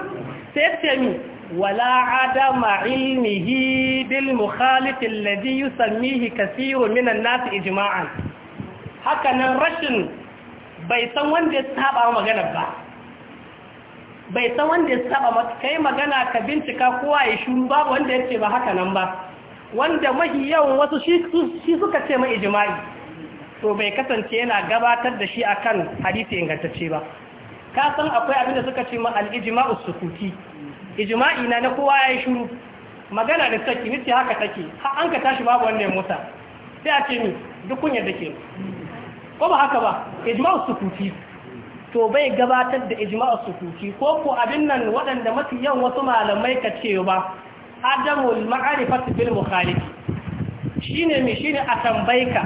sai ce mi wala adama ilmihi bil mukhalif alladhi yusammihi kathirun minan nas ijma'an haka nan rashin bai san wanda ya saba magana ba bai san wanda ya saba kai magana ka bincika kowa ya shiru ba wanda ya ce ba haka nan ba wanda mahi yawan wasu shi suka ce mai ijma'i to bai kasance yana gabatar da shi akan hadisi ingantacce ba ka san akwai abin da suka ce ma al-ijma'u sukuti ijma'i na na kowa yayi shiru magana da saki nace haka take Ha an ka tashi babu wannan mota sai a ce ni duk kunya dake ko ba haka ba ijma'u sukuti to bai gabatar da ijma'u sukuti ko ko abin nan waɗanda mafi yawan wasu malamai ka ce ba adamul ma'rifati bil mukhalifi shine me shine a tambayka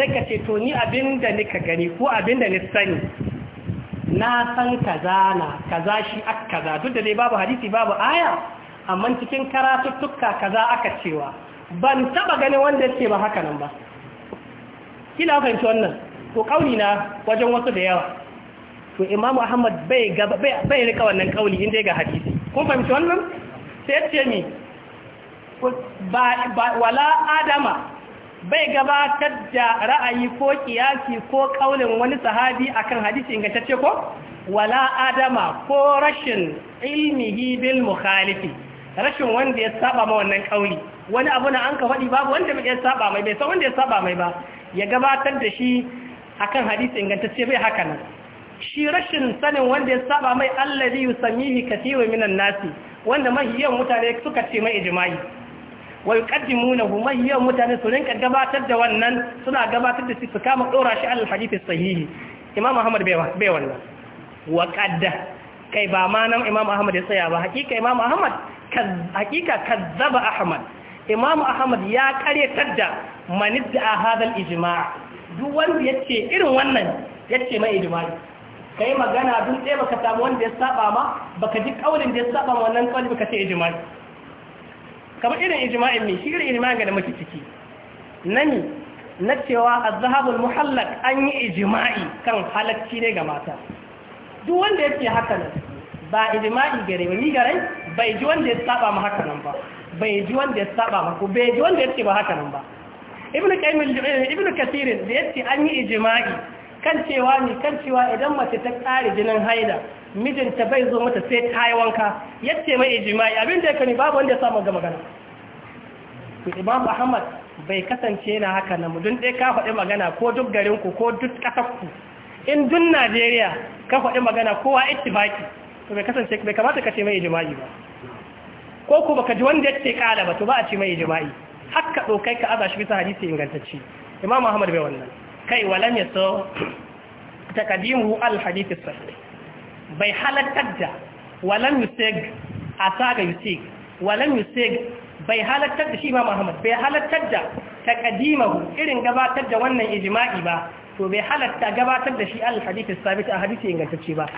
sai ka ce to ni abin da ni ka gani ko abin da ni sani na san kaza na kaza shi aka kaza duk da dai babu hadisi babu aya amma cikin karatuttuka kaza aka cewa ban taba ganin wanda yake ba haka nan ba kila yi wannan ko kauli na wajen wasu da yawa to Imam Ahmad bai bai rika wannan kauli inda ga hadisi kun fahimci wannan sai ce ni wala adama bai gabatar da ra'ayi ko kiyasi ko kaulin wani sahabi akan hadisi ingantacce ko wala adama ko rashin ilmihi bil mukhalifi rashin wanda ya saba ma wannan kauli wani abu na an ka faɗi babu wanda bai saba mai bai san wanda ya saba mai ba ya gabatar da shi akan hadisi ingantacce bai haka nan shi rashin sanin wanda ya saba mai allazi yusammihi kathirun minan nasi wanda mahiyan mutane suka ce mai ijma'i wa yuqaddimunahu mayyan mutane su rinka gabatar da wannan suna gabatar da shi su kama dora shi al hadith sahihi imam ahmad bai wannan wa qadda kai ba ma nan imam ahmad ya tsaya ba hakika imam ahmad hakika kazzaba ahmad imam ahmad ya karyatar da manidda hadal ijma' duk wanda yace irin wannan yace mai ijma'i ka yi magana dun dai baka samu wanda ya saba ma baka ji ƙaunin da ya saba wannan ƙaunin baka ce ijimai kamar irin ijma'in ne shi irin ijma'in ga da muke ciki nani na cewa azhabul muhallaq an yi ijma'i kan halacci ne ga mata duk wanda yake haka nan ba ijma'i gare ba ni gare bai ji wanda ya saba ma haka nan ba bai ji wanda ya saba ma ko bai ji wanda yake ba haka nan ba ibnu qayyim ibnu kathir da yake an yi ijma'i kan cewa ne kan cewa idan mace ta ƙare jinin haida mijinta bai zo mata sai ta yi wanka yace mai ijimai abin da ya kani babu wanda ya samu ga magana to imam ahmad bai kasance na haka na mudun ɗaya ka faɗi magana ko duk garinku ko duk ƙasarku in duk najeriya ka faɗi magana kowa baki, to bai kasance bai kamata ka ce mai ijimai ba ko ku baka ji wanda ya ce ƙala ba to ba a ce mai ijimai haka ɗaukai ka aza shi bisa hadisi ingantacce imam ahmad bai wannan kai walam ya so takadimu alhadithi sahih bai halakar da walam yusig asaga yusig walam yusig bai halakar da shi ma Muhammad bai halakar da takadimahu irin gabatar da wannan ijma'i ba to bai halatta gabatar da shi alhadithi sabit a hadisi ingantacce ba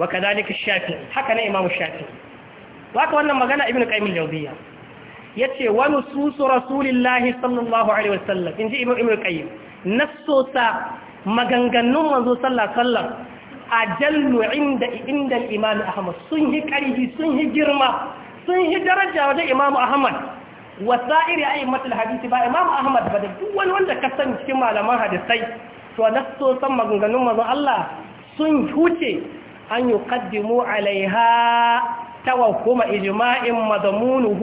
wa kadhalika shafi haka ne imamu shafi waka wannan magana ibnu qayyim al-jawziyya yace wa nusus rasulillahi sallallahu alaihi wasallam inji ibnu qayyim nassosa maganganun manzo sallallahu sallam a jallu inda inda imam ahmad sun yi karfi sun yi girma sun yi daraja wajen imam ahmad wasa'iri a'immatul hadisi ba imam ahmad ba da duk wani wanda ka san cikin malaman hadisai to nassosan maganganun manzo Allah sun huce an yuqaddimu alaiha توهم madamunuhu مضمونه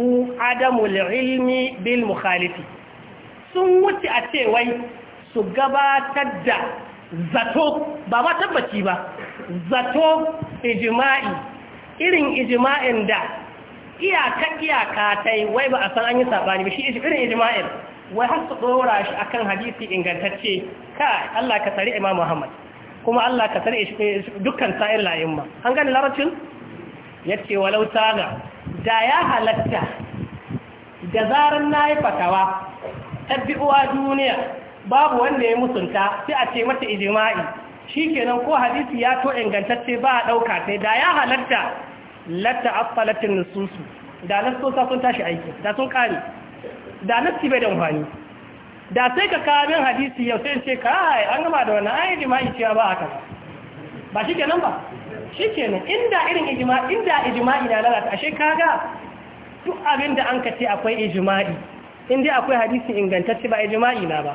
ilmi العلم mukhalifi sun wuce a ce wai su gabatar da zato ba ma tabbaci ba zato ijima'i irin ijima'in da iyaka iyaka ta yi wai ba a san an yi saɓani ba shi irin ijima'in wai har su ɗora shi kan hadisi ingantacce ka Allah ka tsari imam Muhammad kuma Allah ka tsari dukkan sa'ir ma an gani larabcin yace walau ga. da ya halatta da zarar yi fatawa tabbi'uwa duniya babu wanda ya musunta sai a ce mata ijma'i shikenan ko hadisi ya to ingantacce ba a dauka sai da ya halatta latta asfalatin nususu da nasosa sun tashi aiki da sun kare da nasi bai da amfani da sai ka min hadisi yau sai ce kai an gama da wannan ai ijma'i cewa ba haka ba shikenan ba shikenan inda irin ijma'i inda ijma'i na lalata ashe kaga duk abin da an ka ce akwai ijma'i in dai akwai hadisi ingantacce ba ijma'i na ba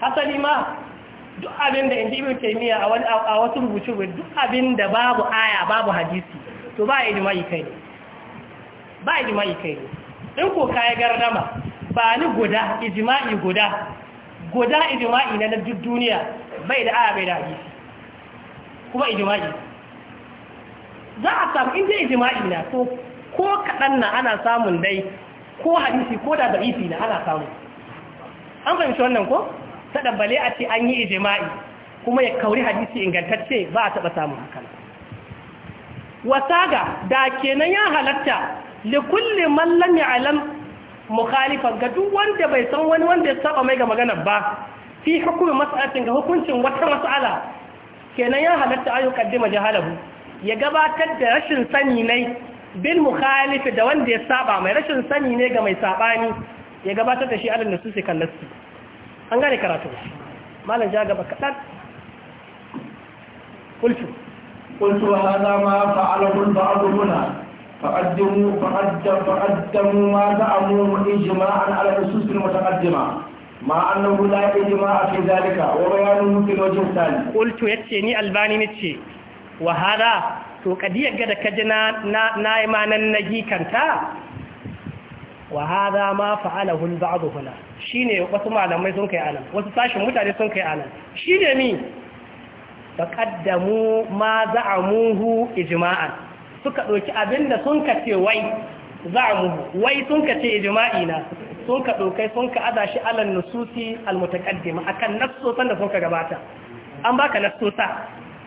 hasali ma duk abin da inji ibn taymiya a wani a wasu rubutu duk abin da babu aya babu hadisi to ba ijma'i kai ne ba ijma'i kai ne in ko kai gardama ba ni guda ijma'i guda guda ijma'i na duk duniya bai da aya bai da hadisi kuma ijma'i za a samu in dai ijma'i na to ko kaɗan na ana samun dai ko hadisi ko da da'ifi na ana samu an fahimci wannan ko sadan bale a ce an yi ijima'i kuma ya kauri hadisi ingantacce ba a taba samun hakan wasaga da kenan ya halatta li kulli man lam ya'lam mukhalifan ga duk wanda bai san wani wanda ya saba mai ga magana ba fi hukumi mas'alatin ga hukuncin wata mas'ala kenan ya halatta ayu kaddima jahalahu ya gabatar da rashin sani ne bil mukhalif da wanda ya saba mai rashin sani ne ga mai sabani ya gabatar da shi alal nususi sai kallasu an gane karatu malam ja gaba kaɗan kultu kultu hada ma fa'alahu ba'd muna fa'addamu fa'addam fa'addamu ma za'amu ijma'an ala nusus mutaqaddima ma annahu la ijma'a fi zalika wa bayanu mutil wajh thani kultu yace ni albani nace wa hada to kadiyar ga da kaji na na na imanan nagi kanta wa hada ma fa'alahu al-ba'd huna shine wasu malamai sun kai anan wasu sashin mutane sun kai anan shine mi faqaddamu ma za'amuhu ijma'an suka doki abinda sun kace wai za'amuhu wai sun kace ijma'i na sun ka dokai sun ka ada shi alal nususi al akan nassosan da sun ka gabata an baka nassosa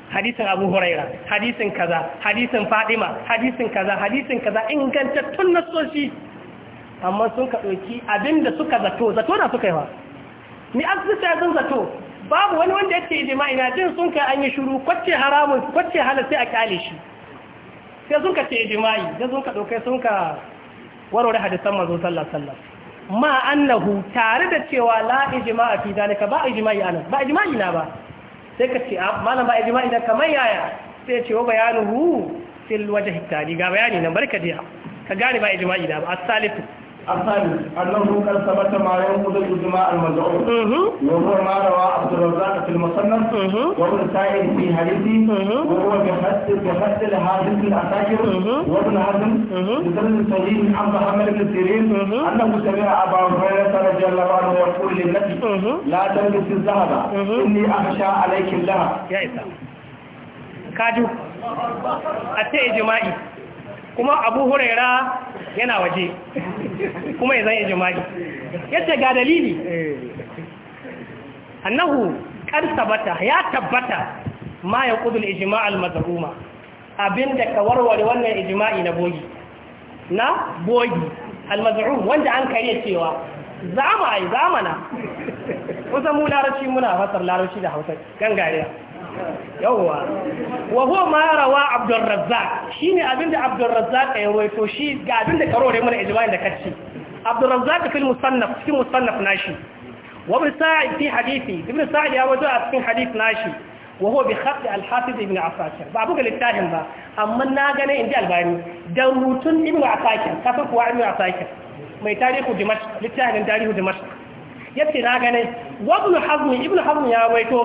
hadisin abu huraira hadisin kaza hadisin fadima hadisin kaza hadisin kaza ingantattun nassoshi amma sun ka ɗauki abinda suka zato zato na suka yi wa ni sai sun zato babu wani wanda ya yi jima'i ina jin sun kai an yi shuru kwacce haramun kwacce hana sai a kyale shi sai sun ka ce jima'i da sun ka ɗaukai sun ka warware hadisan mazo sallallahu alaihi ma annahu tare da cewa la ijma'a fi ba ijma'i anan ba ijma'i na ba sai ka ce ah, malam ba ijma'i da kamar yaya sai ce wa bayanuhu fil wajhi tali ga nan barka ka gane ba ijma'i da ba as-salifu أثنى أنه قد ثبت ما ينقض الإجماع المزعوم وهو ما روى عبد الرزاق في المصنف وابن سعيد في حديثه وهو بحث بحث الحادث الأساكر وابن حزم بسند صحيح عن محمد بن سيرين أنه سمع أبا هريرة رضي الله عنه يقول للنبي لا تلبس الذهب إني أخشى عليك الله يا إسحاق كاجو أتى إجماعي kuma abu huraira yana waje kuma ya ijima'i yadda ga dalili annahu kan tabbata ya tabbata ma ya kudul ijima'al al-mazaruma abinda ka warware wannan ijima'i na bogi na bogi al-mazarum wanda an kariya cewa zama yi zamana kusan mu larashi muna fasar larashi da hausa gangariya yawwa wa huwa ma rawa abdul razzaq shine abinda abdul razzaq ya rawaito shi ga abinda karo da mana ijma'in da kace abdul razzaq fil musannaf fi musannaf nashi wa bi sa'id fi hadithi ibn sa'id ya wato a cikin hadith nashi wa huwa bi khat al hafiz ibn asakir ba buga littafin ba amma na gane inda albani da rutun ibn asakir kafa kuwa ibn asakir mai tarihu dimashq littafin tarihu dimashq yace na gane wa ibn hazm ibn hazm ya waito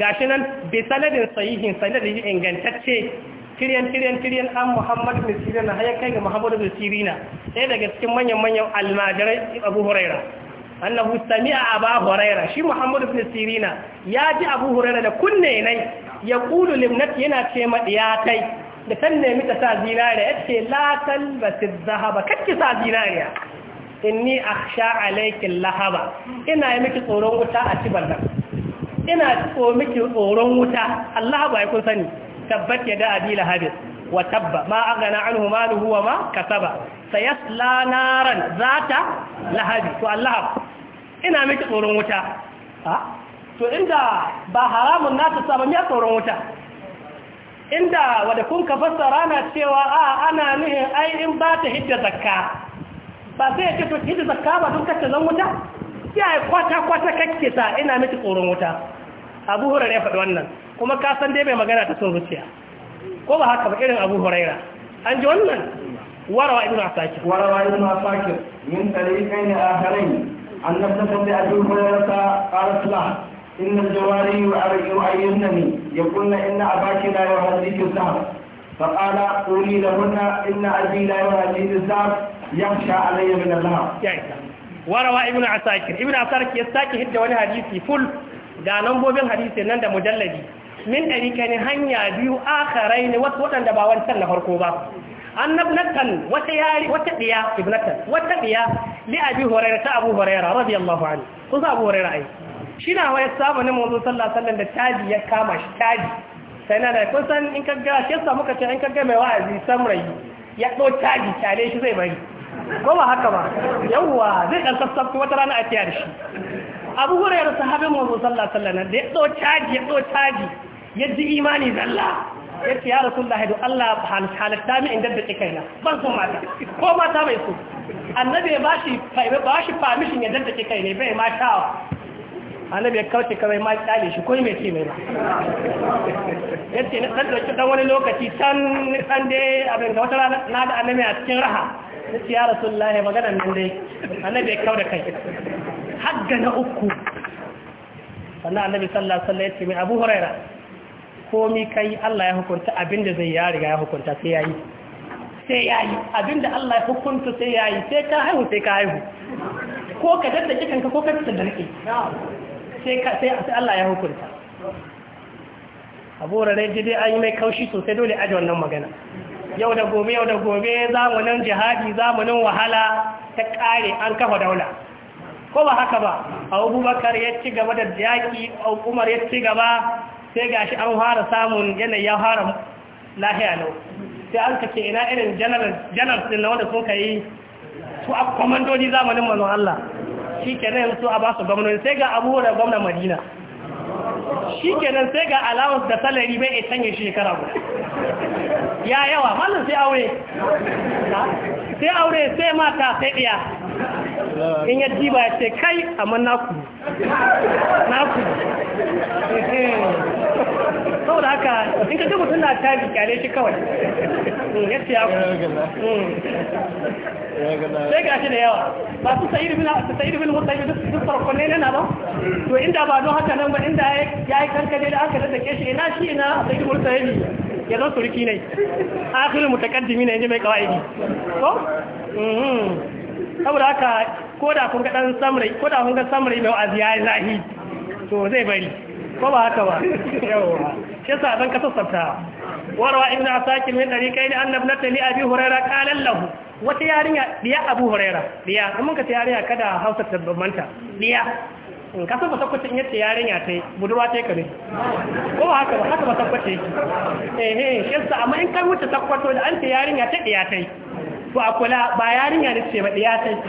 gashi nan bi sanadin sahihin sanadin ingantacce kiryan kiryan kiryan an Muhammadu bin sirina har ya kai ga Muhammadu bin sirina sai daga cikin manyan manyan almajirai abu huraira annahu sami'a abu huraira shi Muhammadu bin sirina ya ji abu huraira da kunne nai ya qulu limnat yana ce ma da san nemi ta sa zinariya yace la talbasiz zahaba kakki sa zinariya inni akhsha alayki lahaba ina yi miki tsoron wuta a cibar nan ina tsoro miki tsoron wuta Allah ba kun sani tabbat ya da abi wa tabba ma agana anhu maluhu wa ma kasaba sayasla naran zata lahabi to Allah ina miki tsoron wuta ha to inda ba haramun na ta saba miya tsoron wuta inda wanda kun ka fassara na cewa a ana nihin ai in ba ta hidda zakka ba sai ya ce to hidda zakka ba don kace zan wuta ya kwata kwata kake sa ina miki tsoron wuta abu huraira ya faɗi wannan kuma ka san dai bai magana ta sun zuciya ko ba haka ba irin abu huraira an ji wannan warawa ibn asakir warawa ibn asakir min tariqaini akharin annabi sallallahu alaihi wasallam qalat lahu إن الجواري يعيرنني يقولن إن أباك لا يهديك السهر فقال قولي لهن إن أبي لا يهديك السهر يخشى علي من الله Ibn Asakir, Ibn Asakir عساكر يستاكي hidda wani hadisi فل ga lambobin hadisi nan da mujalladi min ɗarikani hanya biyu akharai ne waɗanda ba wancan na farko ba annabnatan wata yari wata diya ibnatan wata diya li abi hurairah ta abu hurairah radiyallahu anhu kun sa abu hurairah ai shi na wayar samu ne manzo sallah alaihi da caji ya kama shi caji sai na da kun san in kaga shi yasa muka ce in ka ga mai wa'azi samrai ya ɗau caji tare shi zai bari ko ba haka ba yawwa zai ɗan sassafta wata rana a tiyar shi abu hurairu sahabin manzo sallallahu alaihi wasallam da ya tso caji ya tso caji ya ji imani da Allah ya ce ya rasulullahi don Allah halatta min inda da kai ban so mata ko mata mai so annabi ya bashi ba shi permission ya daddake kai ne bai ma shawa annabi ya kauce kawai ma kyale shi ko mai ce mai ba yace na dan dauki wani lokaci can san dai abin da wata rana na da annabi a cikin raha nace ya rasulullahi magana nan dai annabi ya kauda kai hagga na uku sannan annabi sallallahu alaihi wasallam ya ce mai abu huraira komi kai Allah ya hukunta abinda zai ya riga ya hukunta sai yayi sai yayi abinda Allah ya hukunta sai yayi sai ka haihu sai ka haihu ko ka daddake kanka ko ka tsadarke sai ka sai Allah ya hukunta abu huraira dai an yi mai kaushi sosai dole aje wannan magana yau da gobe yau da gobe zamanin jihadi zamanin wahala ta kare an kafa daula ko ba haka ba abubakar ya ci gaba da yaki umar ya ci gaba sai gashi an fara samun yanayi ya fara lahiya ne sai an kace ina irin janar din na wanda sun kai su a komandoji zamanin manzo Allah shi su a ba su gwamnati sai ga abubuwa da gwamnan madina shi sai ga allowance da salary bai a canye shekara guda ya yawa mallan sai aure sai aure sai mata sai ɗiya in ya jiba ya ce kai amma naku naku da haka in ka ji suna ta yi kyale shi kawai mm, ya ce ya ku mm. sai ga shi da yawa ba su sayi rubin su sayi rubin duk duk farko ne na ba to inda ba don haka nan ba inda ya yi karkade da aka da ke shi ina shi ina a sayi mutane ya zo suriki ne akhirin mutakaddimi ne yanzu mai ne. ko mm-hmm. saboda haka ko da kun ga dan samurai ko da kun ga samurai mai wa'azi yayi zahi to zai bari ko ba haka ba yawa shi yasa dan ka sassafta warwa ibnu asakir min dariqaini annab natali abi hurairah qala lahu wata yarinya diya abu hurairah diya amma ka ta yarinya kada hausa tabbanta diya in ka san basakwace in yace yarinya ta yi budurwa ta yi kare ko ba haka ba haka ba yake eh eh sa amma in kan wuce sakwato da an ta yarinya ta ɗiya ta yi Ko a kula ba yarinya da ce ba ɗiya ta yi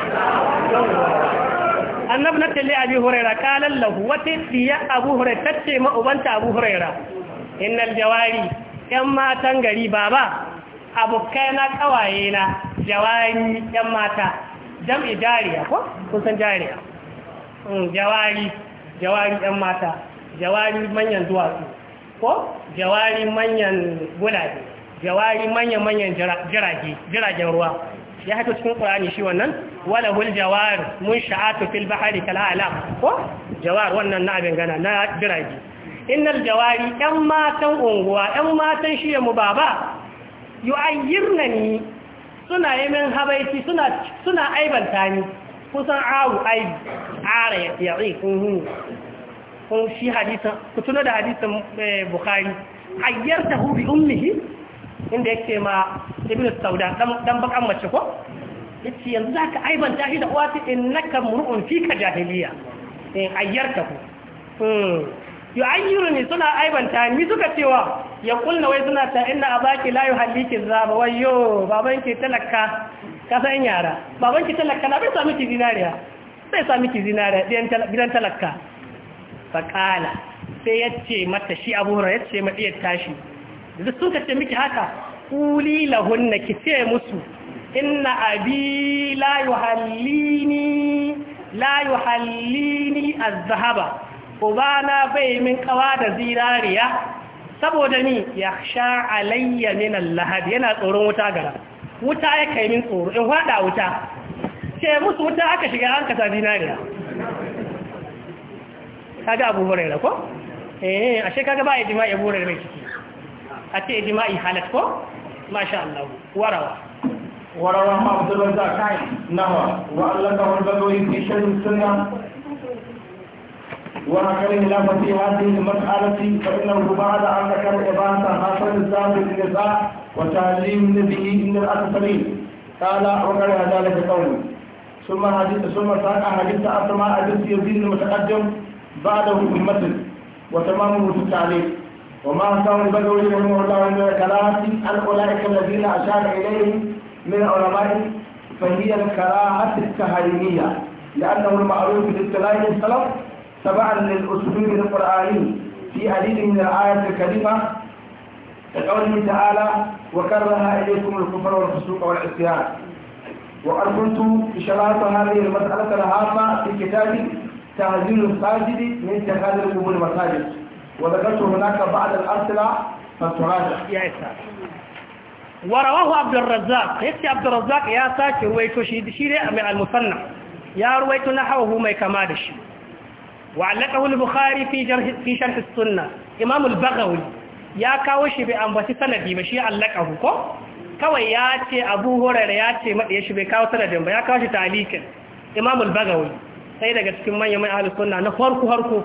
annabi na talle abu huraira kalan lahu wata diya abu huraira ta ce ma'ubanta abu huraira innal jawari yan matan gari ba? abokai na kawaye na jawari yan mata jam'i jariya ko kun san jariya Mm, jawari jawari ɗan mata jawari manyan duwatsu ko jawari manyan gudaje jawari manyan manyan jirage jiragen ruwa ya haka cikin ƙurani shi wannan wala hul jawar mun sha'atu fil bahari kal alam ko jawar wannan na abin gana na jirage innal jawari ɗan matan unguwa ɗan matan shiya mu baba yu'ayyirnani suna yi min habaiti suna suna aibanta ni kusan awu aibi ara ya tsiyari kun hunu kun shi hadisan ku tuna da hadisan eh, bukari ayyar ta hubi ummihi inda yake ma ibn sauda dan bakan mace ko yace yanzu zaka aiban tahi da uwa ta innaka mur'un fika jahiliya in eh, ayyar ta ku hmm. yu ayyuru ne suna aiban ta ni suka cewa ya kulna wai suna ta inna abaki la yuhalliki zaba wayyo baban ke talaka Kasa yin yara baban ki talaka na bai sami ki zinariya bai sami ki zinariya gidan talaka faƙala sai ya ce mata shi abubuwa ya ce maɗiyar tashi da sun ka ce miki haka kuli lahunna ki ce musu inna abi layu hallini layu hallini a zahaba ubana bai min kawa da zinariya saboda ni ya sha alayya min lahadi yana tsoron wuta gara wuta ya kai min tsoro in fada wuta ce musu wuta aka shiga an kasa zinariya kaga abu huraira ko eh ashe kaga ba jima'i abu huraira mai ciki a ce jima'i halat ko masha Allah warawa warawa ma da kai nawa wa allaka wal bagawi fi sharh sunnah وهكذا خلاف في هذه المسألة فإنه بعد أن ذكر إباحة حصر الزاد للنساء وتعليم به من الأكثرين قال وقال ذلك قوله ثم حديث ثم ساق حديث أسماء أجلس يزيد المتقدم بعده في المسجد وتمامه في التعليم وما أنساه البدوي رحمه الله من الكراهة أن أولئك الذين أشار إليهم من العلماء فهي الكراهة التهريمية لأنه المعروف في اصطلاح السلف تبعا للأسلوب القرآني في عديد من الآيات الكريمة كقوله تعالى وكرها إليكم الكفر والفسوق والعصيان وقد كنت شرحت هذه المسألة الهامة في كتابي تهزيل الساجد من اتخاذ القبور المساجد وذكرت هناك بعض الأمثلة فتراجع ورواه عبد الرزاق يكتي عبد الرزاق يا ساكي رويتو شيد شيري من المصنع يا رويتو نحوه ما يكمالش وعلقه البخاري في جرح في شرح السنة إمام البغوي يا كاوشي بأنبتي سندي بشي علقه كو kawai ya ce abu horar ya ce maɗaya shi bai kawo sanadin ba ya kawo shi talikin imamul bagawai sai daga cikin manyan mai ahalus sunna na farko farko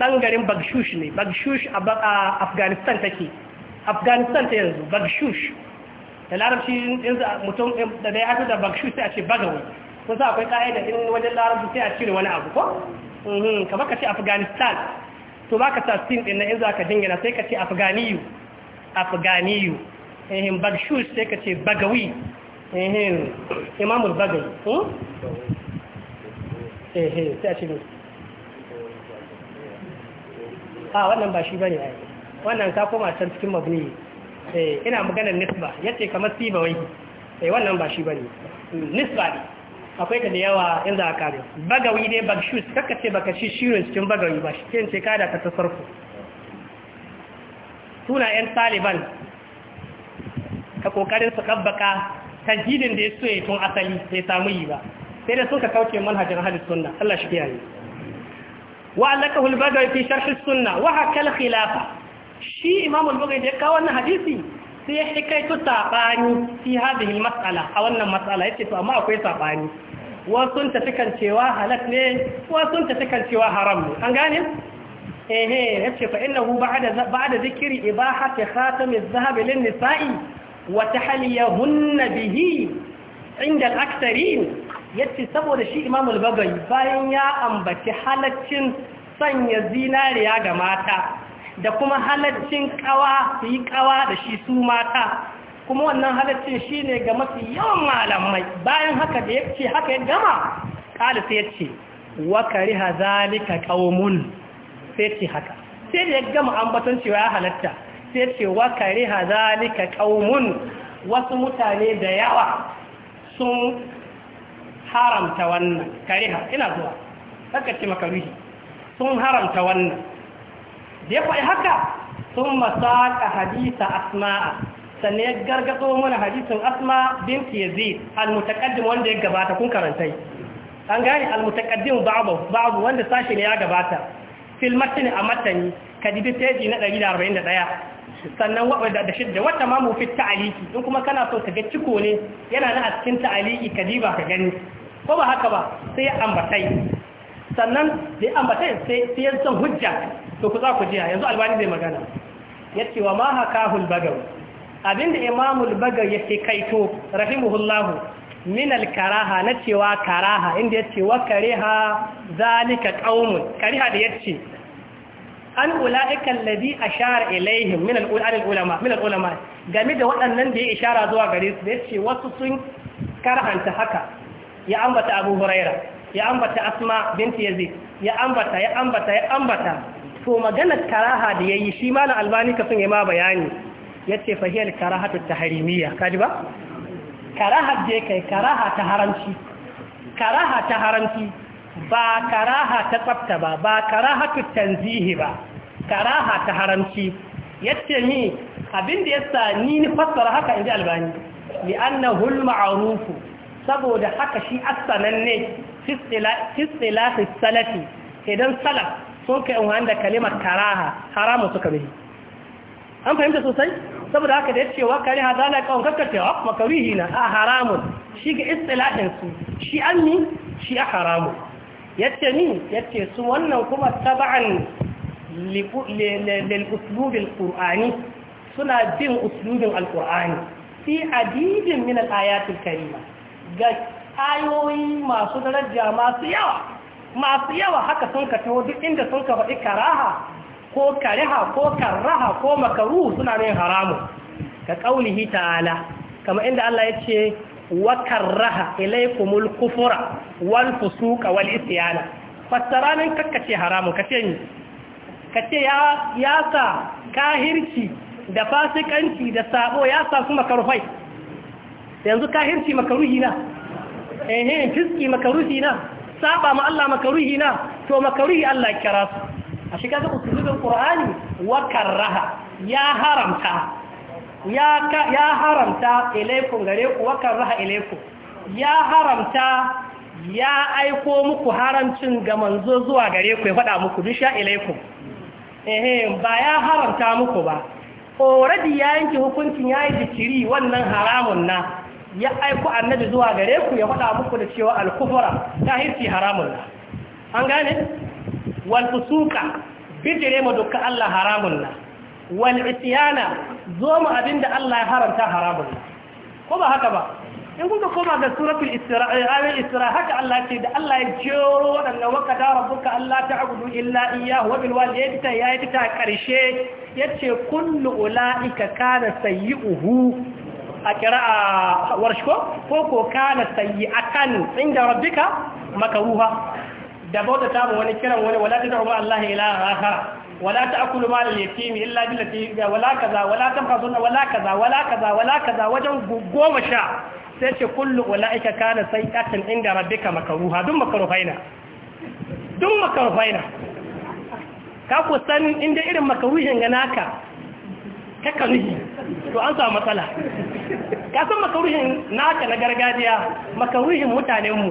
sangarin bagshush ne bagshush a afghanistan take afghanistan ta yanzu bagshush da larabci yanzu mutum da bai hatu da bagshush sai a ce bagawai kun sa akwai ƙa'ida in wajen larabci sai a cire wani abu ko Mhm, kamar ka ce afghanistan to ba ka sa ɗin na in za ka jingina sai ka ce afganiyu afganiyu ehem bagshush sai ka ce bagawi ehem imamul bagawi hmm? ehem eh, sai a ce ne a wannan ba shi bane ai wannan ka koma can cikin mabni eh ina maganar nisba yace kamar sibawai eh wannan ba shi bane nisba ne akwai ta da yawa in za a kare bagawi dai bagshus kakka ce baka shi shirin cikin bagawi ba shi ce da ka sarku. suna 'yan taliban Ka kokarin su kabbaka jidin da ya so ya tun asali sai samu yi ba sai da suka kauce manhajar hadis sunna Allah shi kiyaye wa alaka hulbagawi fi sharh sunna wa hakal khilafa shi imam al-bagawi da kawo wannan hadisi sai ya hikaito saɓani fi hadihil matsala a wannan mas'ala ya ce to amma akwai saɓani wasu tafi kan cewa halak ne wasu tafi kan cewa haram ne an gane ehe ya ce fa innahu ba'da zikiri ibahati khatami adh-dhahab lin-nisa'i wa tahliyahunna bihi inda al-aktharin yace saboda shi Imam al bayan ya ambaci halaccin sanya zinariya ga mata da kuma halaccin kawa su yi kawa da shi su mata kuma wannan halaccin shi ne ga mafi yawan malamai bayan haka da ya ce haka ya gama ƙalisa ya ce wa kari hazalika ƙaumun sai ce haka sai da ya gama ambaton cewa ya halatta sai ce wa kari hazalika ƙaumun wasu mutane da yawa sun haramta wannan kariha ina zuwa sun haramta wannan da ya faɗi haka sun masaka hadisa asma'a sannan ya gargaɗo mana hadisin asma binti yazid almutaqaddim wanda ya gabata kun karantai an gane almutaqaddim babu babu wanda sashi ne ya gabata fil matni a matani kadibi teji na 141 sannan waɗanda da shidda wata ma mufi ta'aliki in kuma kana so ka ga ciko ne yana na a cikin ta'aliki ka diba ka gani ko ba haka ba sai ya ambatai sannan da ya ambatai sai ya zan hujja to ku za ku jiya yanzu albani zai magana ya ce wa ma hakahul bagaw abinda imamul bagaw ya ce kaito rahimahullahu min alkaraha na cewa karaha inda ya ce wa kariha zalika qaumun kariha da ya ce an ula'ika alladhi ashara ilaihim min al-ulama min al game da waɗannan da ya ishara zuwa gare su da yace wasu sun karhanta haka ya ambata Abu Huraira ya ambata Asma binti Yazid ya ambata ya ambata ya ambata to maganar karaha da yayi shi malam albani ka sun yi ma bayani yace fahiyar karahatu taharimiyya kaji ba karaha da kai karaha ta haramci karaha ta haramci ba karaha ta tsafta ba ba karahatu tanzihi ba karaha ta haramci yace ni abin da yasa ni ni fassara haka inji albani li annahu al-ma'ruf saboda haka shi asanan ne fi istilahi salafi idan salaf sun kai yin da kalimar karaha haramun suka bai an fahimta sosai saboda haka da ya ce wa kare hadala kawon kakkacewa ah, makarihi na a ah, haramun shi ga istilahinsu shi an ni shi a haramun yace ni ce su wannan kuma taba'an lil uslubil suna bin uslubin alqur'ani fi adidin min ayatul karima ga ayoyi masu daraja masu yawa masu yawa haka sun ka taho duk inda sun ka faɗi karaha ko kariha ko karaha ko makaru suna ne haramu ka ƙaunihi ta'ala kama inda Allah ya ce wa karaha ilaikumul kufura wal fusuka wal isyana fassara min kakkace haramu kace ni kace ya ya sa kahirci da fasikanci da sabo ya sa su makarufai yanzu kahirci makaruhi na ehe fiski makaruhi na saba ma Allah makaruhi na to makaruhi Allah ya kira su a shiga kaga usulubin qur'ani wa karaha ya haramta ya ya haramta ilaikum gare ku wa karaha ilaikum ya haramta ya aiko muku haramcin ga manzo zuwa gare ku ya faɗa muku bisha ilaikum eh ba ya haramta muku ba already ya yanke hukuncin ya yi jikiri wannan haramun na ya aiko annabi zuwa gare ku ya faɗa muku da cewa al ta tahirci haramun na an gane wal fusuqa bijire ma dukkan Allah haramun na wal isyana zo mu abinda Allah ya haramta haramun na ko ba haka ba in kuka koma ga suratul isra eh, ayoyin isra haka Allah ce da Allah ya jero wadannan waka da rabbuka Allah ta'budu illa iyyahu wa bil walidayni ta yayi ta karshe yace kullu ulaika kana sayyi'uhu a kira a warshko ko ko kana sayyi'atan inda rabbika makruha da bauta ta mu wani kiran wani wala ta ma Allah ilaha akhar wala ta'kulu mal al-yatim illa billati wala kaza wala tamkhasuna wala kaza wala kaza wala kaza wajen goma sha sai ce kullu ulaika kana sayi sayyi'atan inda rabbika makruha dun makruhaina dun makruhaina ka ku san inda irin makruhin ga naka kakaruhi to an samu matsala kasan makaruhin naka na gargajiya makaruhin mutanenmu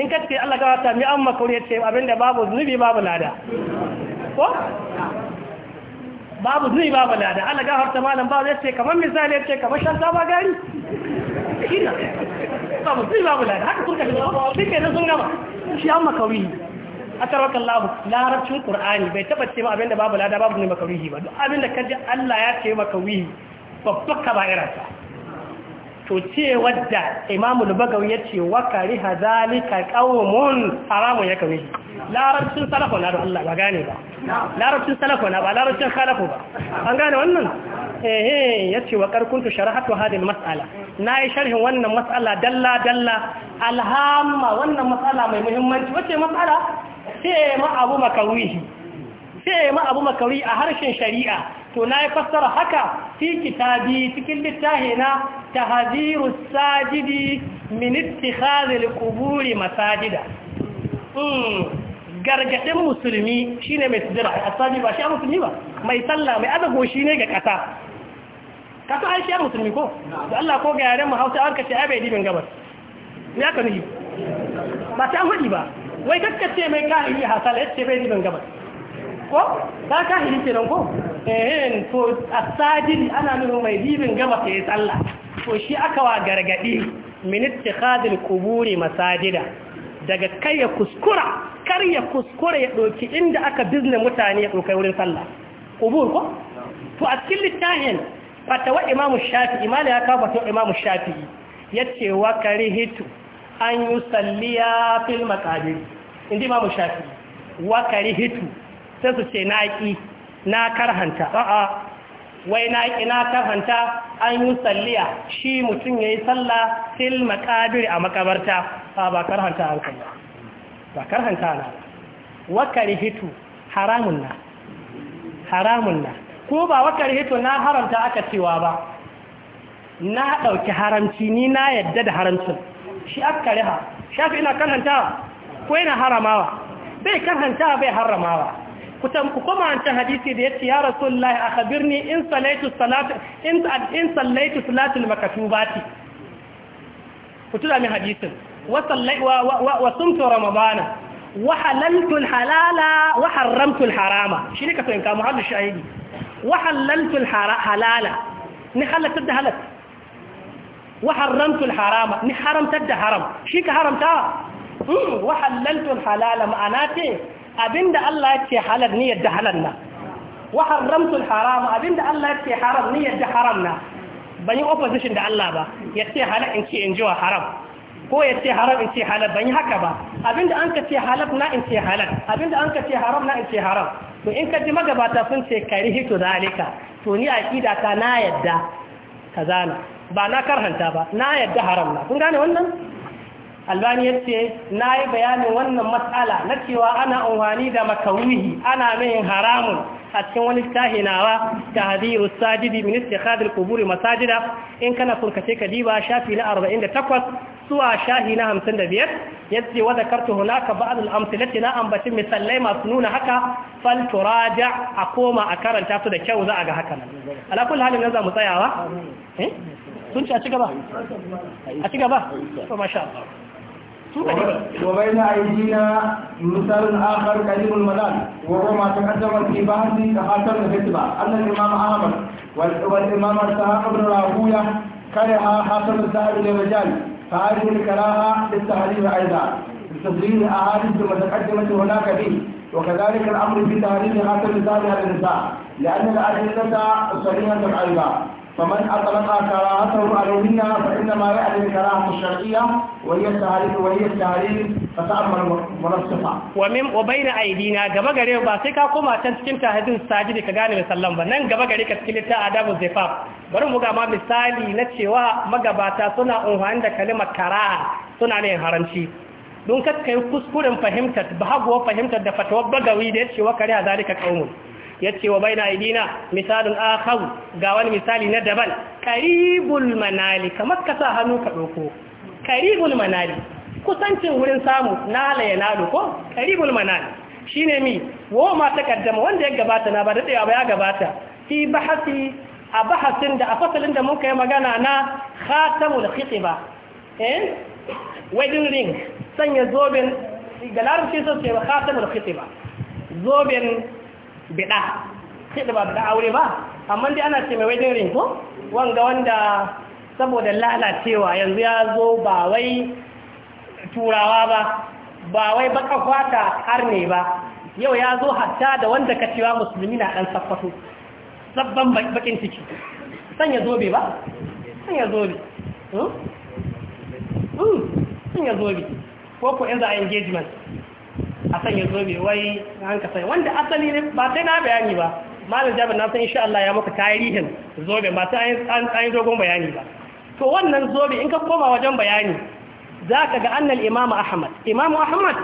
in ka ce Allah gawata mi an ya ce abinda babu zunubi babu lada ko babu zunubi babu lada Allah gawarta malam babu yace kamar misali ya ce kamar shan zaba gari babu zunubi babu lada haka kun ka shi ke nan sun gama shi an makaruhi akarwakan lahu larabcin qur'ani bai taba ce ma abinda babu lada babu ne makawihi ba duk abinda kaji Allah ya ce maka makawihi babbar kaba'ira ta to ce wadda imamu lubagaw ya ce wa kari hazalika qaumun haramun ya kawihi larabcin salafu na Allah ba gane ba larabcin salafu na ba larabcin khalafu ba an gane wannan ehe ya ce wa karkuntu sharahatu hadin mas'ala na yi sharhin wannan mas'ala dalla dalla alhamma wannan mas'ala mai muhimmanci wace mas'ala sai abu makaruhi sai abu makaruhi a harshen shari'a to na yi fassara haka fi kitabi cikin littafi na tahadiru sajidi min ittikhadil quburi masajida hmm, gargadin musulmi shine mai a asabi ba shi a musulmi ba mai sallah mai azago shi ne ga kasa kasu an a musulmi ko da Allah ko ga yaren mu hausa an kace abai dibin gabas ya ka nuhi ba ta hudi ba wai kakkace mai kahiri hasala yace bai ni ban gaba ko ba kahiri ke nan ko eh to asajidi ana nuna mai dibin gaba ke tsalla to shi aka wa gargadi min ittikhadil quburi masajida daga kai ya kuskura kar ya kuskura ya doki inda aka bizne mutane ya dokai wurin sallah qubur ko to a cikin littafin fatawa imam shafi'i mala ya kafa to imam shafi'i yace wa karihitu an yusalliya fil maqabir in ji mamu shafi wa kari hitu sai su ce naƙi na karhanta a'a wai naƙi na karhanta an yi salliya shi mutum ya yi salla til makabiri a makabarta a ba karhanta an kai ba karhanta na wa kari hitu haramun na haramun na ko ba wa kari hitu na haramta aka cewa ba na ɗauki haramci ni na yadda da haramcin shi aka riha shafi ina karhanta ko yana haramawa bai karhanta bai haramawa ku tamku kuma an can hadisi da yace ya rasulullahi akhbirni in salaitu salatu in in sallaitu salatul makatubati ku tura min hadisin wa sallai wa wa sumtu ramadana wa halaltu halala wa haramtu harama shine ka so in ka muhallu shahidi wa halaltu halala ni halatta da halatta wa haramtu harama ni haramta da haram shi ka haramta Hmm, wa halaltun halala ma'ana ce abinda Allah ya ce halal ni yadda halal na wa haramtul haram abinda Allah ya ce haram ni yadda haram na ban yi opposition da Allah ba ya ce halal in ce in ji wa haram ko ya ce haram in ce halal ban yi haka ba abinda an ka ce halal na in ce halal abinda an ka ce haram na in ce haram to in ka ji magabata sun ce kari to zalika to ni a kida ta na yadda kazana ba na karhanta ba na yadda haram na kun gane wannan albani ya ce na yi bayanin wannan matsala na cewa ana unwani da makaruhi ana min haramun a cikin wani tahinawa ta hadiru sajidi ministi khadir kuburi masajida in kana surkace ka diba shafi na 48 suwa shahi na 55 ya ce wadda kartu hunaka ba'ad al'amsilati na ambacin misalai masu nuna haka fal turaja a koma a karanta su da kyau za a ga haka nan alakul halin nan za mu tsayawa eh? sun ci a ci gaba a ci gaba to masha Allah وبين أيدينا مثال آخر كريم المدان وهو ما تقدم في بحث تخاطر الفتبة أن الإمام أحمد والإمام السهاق بن راهوية كره حاصل الذهب للرجال فهذه الكراهة للتحريف أيضا لتسجيل أحاديث المتقدمة هناك به وكذلك الأمر في تحريف حاصل الذهب للنساء لأن الأدلة صريحة أيضا فمن أطلق كراهته عليهن فإنما يعلم الكراهة الشرعية وهي التهريب وهي التهريب فتأمل منصفة ومن وبين أيدينا gaba gare ba sai ka koma can cikin tahadin da ka gane misallan ba nan gaba gare ka cikin ta adabu zifaf bari mu ga ma misali na cewa magabata suna unhan da kalimar karaha suna ne haramci don kakkai kuskuren fahimtar ba haguwa fahimtar da fatawar bagawi da ya ce kare a zalika yace wa baina idina misalun akhaw ga wani misali na daban qaribul manali kamar ka sa hannu ka doko qaribul manali kusancin wurin samu nala ya nalu ko qaribul manali shine mi wo ma takaddama wanda ya gabata na ba da ba ya gabata fi bahasi a bahasin da a fasalin da muka yi magana na khatamul khitba eh wedding ring sanya zoben ga larabci so ce khatamul khitba zoben bida sai da ba bida aure ba amma dai ana ce mai wajen ring ko wanga wanda saboda lalacewa yanzu ya zo ba wai turawa ba ba wai baka kwata har ne ba yau ya zo hatta da wanda ka cewa musulmi na dan sakwato sabban bakin ciki sanya zobe ba sanya zobe hmm? Hmm? sanya zobe ko ko za a engagement a sanya zobe wai an sai wanda asali ne ba sai na bayani ba malam jabir na san insha Allah ya muku tarihin zobe ba sai an yi dogon bayani ba to wannan zobe in ka koma wajen bayani za ka ga annal imamu ahmad imam ahmad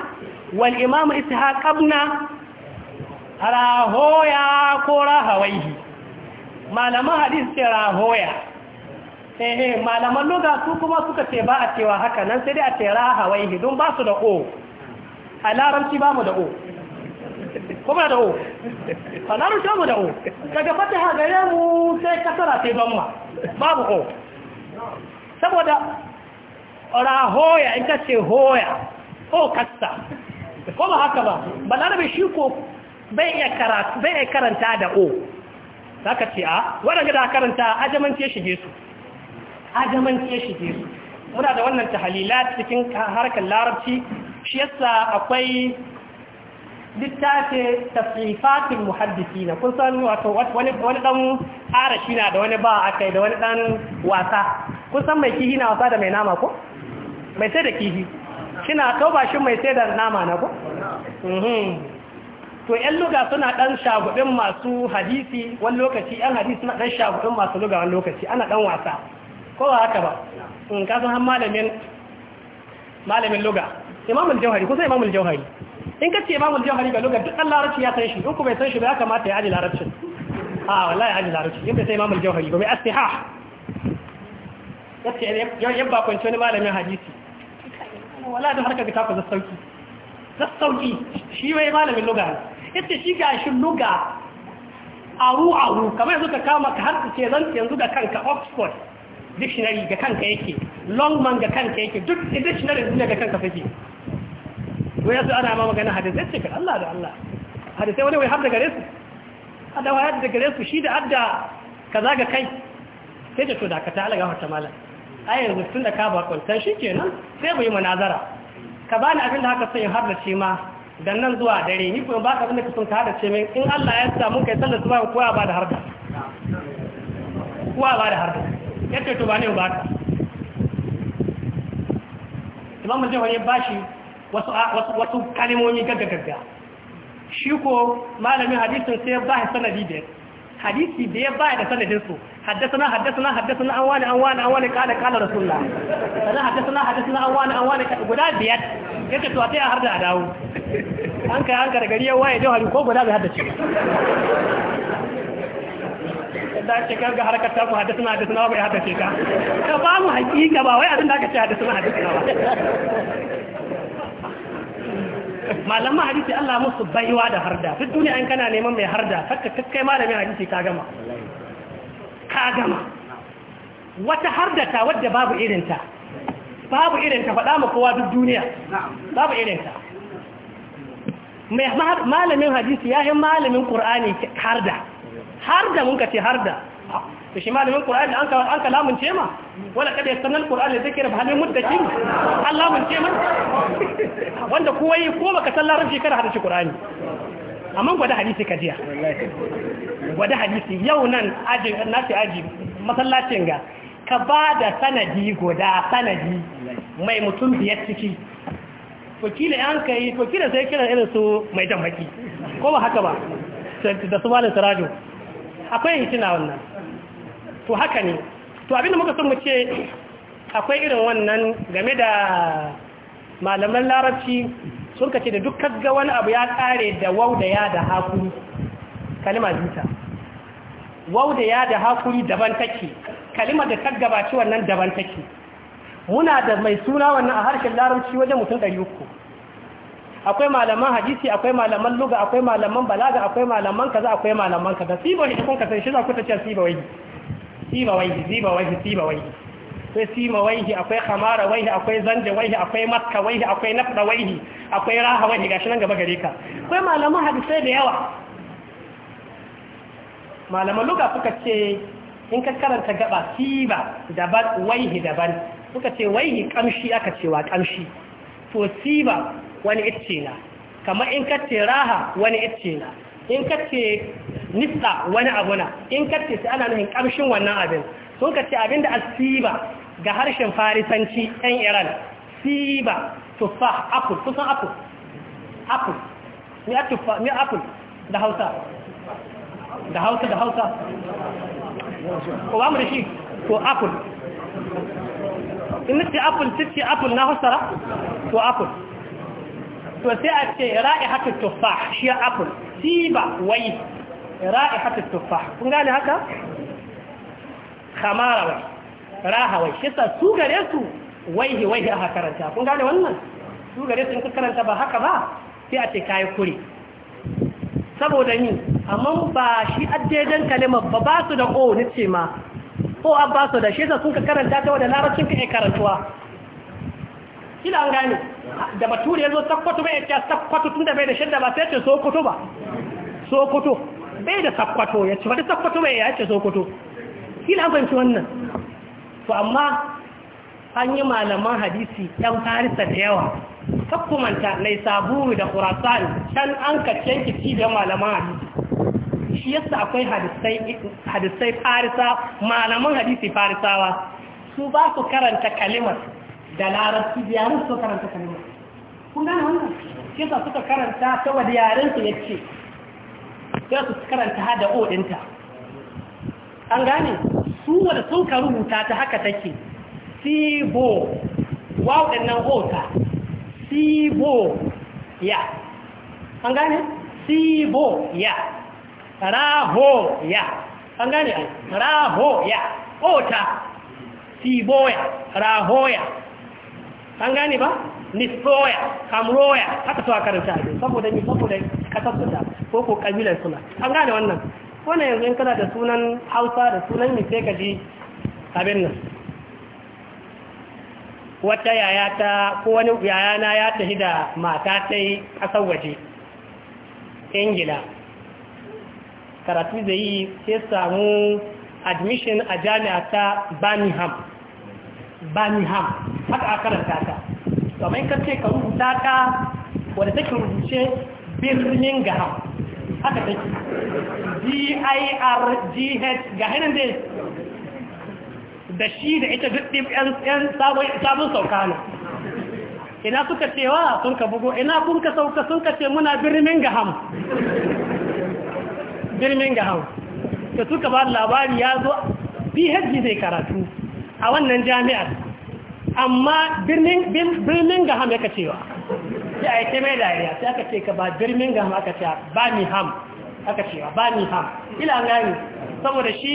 wal imamu ishaq abna rahoya ko rahawaihi malaman hadis ce rahoya eh, eh malaman lokacin su kuma suka ce ba a cewa haka nan sai dai a ce rahawaihi don ba su da o a larabci ba mu da o ko ba da o a larabci ba mu da o daga fataha gare mu sai kasara sai ma, babu o saboda rahoya in ka ce hoya ko kasta ko ba haka ba balarabe shi ko bai iya bai iya karanta da o zaka ce a wadanda da karanta ajamance shige su ajamance shige su muna da wannan tahalilat cikin harkar larabci shi yasa akwai littafin tasifatin muhaddisi na kun san wato wani dan ara shi na da wani ba a kai da wani dan wasa kun san mai kihi na wasa da mai nama ko mai sai da kihi kina ba shi mai sai da nama na ko mhm. to yan luga suna dan shagudin masu hadisi wani lokaci yan hadisi suna dan shagudin masu luga wani lokaci ana dan wasa ko ba haka ba in hmm, ka san har malamin malamin luga imamul jauhari kusa imamul jauhari in ka ce imamul jauhari ga luga duk dan larabci ya san shi in ku bai san shi ba ya kamata ya aji larabcin a wallahi aji larabci in bai sai imamul jauhari ba mai astiha yace yabba kwanci wani malamin hadisi wala da harkar da kafa zassauki sassauki shi wai malamin luga yace shi ga shi luga aru aru kamar yanzu ka kama ka har ce zan yanzu da kanka oxford dictionary ga kanka yake longman ga kanka yake duk dictionary ne ga kanka fake wai yanzu ana ma magana hadisai ce kan Allah da Allah hadisai wani wai har da gare su adawa ya da gare su shi da adda kaza ga kai sai da to da ka ta alaga wata malam a yanzu tun da ka ba kwantan kenan sai mu yi munazara ka bani abin da haka sai har da ce ma dan nan zuwa dare ni kuma baka abin da kusan ka hada ce min in Allah ya sa mun kai sallar subhan kowa ba da harda kowa ba da harda yadda to ba ne ba ka imam zai wani bashi wasu wasu kalimomi gaggagagga shi ko malamin hadisin sai ya ba shi sanadi da hadisi da ya ba da sanadin su haddasana haddasana haddasana an wani an wani an wani kala kala rasulullah na haddasana haddasana an wani an wani guda biyar yake to sai a harda a dawo an kai an gari ya waye jawhari ko guda bai haddace da ce kaga harkar ta mu hadisuna hadisuna ba ya hadace ka ka ba mu hakika ba wai abin da aka ce hadisuna hadisuna ba malaman hadisi Allah musu baiwa da harda duk duniya an kana neman mai harda kakka kakkai malamin hadisi ka gama ka gama wata hardata wadda babu irinta babu irinta faɗa ma kowa duk duniya babu irinta mai malamin hadisi ya malamin ƙur'ani harda har da mun ka ce har da to shi malamin qur'ani an ka an ka lamunce ma wala kada ya sanan qur'ani kira bahalin halin muddakin an ce ma wanda kowa yi ko baka san larabci kada hada shi qur'ani amma gwada hadisi ka jiya gwada hadisi yau nan aji na ce aji masallacin ga ka ba da sanadi guda sanadi mai mutum biyar ciki wakila an kai wakila sai kira irin su mai jan baki ko ba haka ba da su malin sirajo akwai hitina wannan to haka ne to abinda muka sun ce akwai irin wannan game da malaman larabci sun kace da duk wani abu ya kare da wau da ya da hakuri kalima jita wau da ya da hakuri daban take kalima da ci wannan daban take muna da mai suna wannan a harshen larabci wajen mutum ɗari uku. akwai malaman hadisi akwai malaman luga akwai malaman balaga akwai malaman kaza akwai malaman kaza siba wai kun ka san shi za ku ta ce siba wai siba wai siba wai siba wai akwai sima waihi akwai khamara waihi akwai zanja waihi akwai matka waihi akwai nafda waihi akwai raha waihi gashi nan gaba gare ka akwai malaman hadisi da yawa malaman luga suka ce in ka karanta gaba siba daban waihi daban suka ce waihi kamshi aka cewa kamshi to siba wani icce na kamar in ka ce raha wani icce na in ka ce nista wani abu na in ka ce ana nufin kamshin wannan abin sun ka ce abin da asiba ga harshen farisanci ɗan iran siba tuffa apple kusan apple apple ni tuffa ni apple da hausa da hausa da hausa ko ba mu da shi Ko apple in ce apple ce apple na hausara ko apple to sai a ce ra'ihatul tuffah shi apple siba wai ra'ihatul tuffah kun gane haka khamara wai raha wai shi sa su gare su waihi waihi aka karanta kun gane wannan su gare su in ka karanta ba haka ba sai a ce kayi kuri saboda ni amma ba shi addejan kalimar ba ba su da o ni ce ma ko abbasu da shi sa sun ka karanta ta wadda larabcin ka iya karantuwa kila an gane da bature ya zo sakkwato bai ya sakkwato tun da bai da shadda ba sai ce sokoto ba sokoto bai da sakkwato ya ce wata sakkwato bai ya ce sokoto kila an fahimci wannan to amma an yi malaman hadisi ɗan farisa da yawa kakkumanta mai saburu da kurasani can an kacce kici da malaman hadisi shi yasa akwai hadisai farisa malaman hadisi farisawa su ba su karanta kalimar da larabci da yaren su karanta kalmar kun gane wannan shi yasa suka karanta ta wadda yaren su yace sai su karanta hada o dinta an gane su wanda sun ka rubuta ta haka take sibo din nan o ta sibo ya an gane sibo ya raho ya an gane raho ya ota siboya rahoya an gane ba nisroya kamroya haka a karanta abin saboda ni saboda ka ko ko kabilar suna an gane wannan wannan yanzu in kana da sunan hausa da sunan mi sai ka ji abin nan wata yaya ta ko wani yaya na ya tafi da mata ta yi kasar waje ingila karatu zai yi sai samu admission a jami'a ta birmingham birmingham haka a karanta ta amma in ka ce ka rubuta ka wadda take rubuce birnin gaham haka take g-i-r-g-h ga hannun dai da shi da ita duk yan sabon sauka ne ina suka cewa sun ka bugo ina kun ka sauka sun ka ce muna birnin gaham birnin gaham da suka ba labari ya zo phd zai karatu a wannan jami'ar amma birmingham ya kacewa sai a yi ta mai dariya sai aka ce ka ba birmingham aka ce ba ni ham aka cewa ba ni ham ila gani saboda shi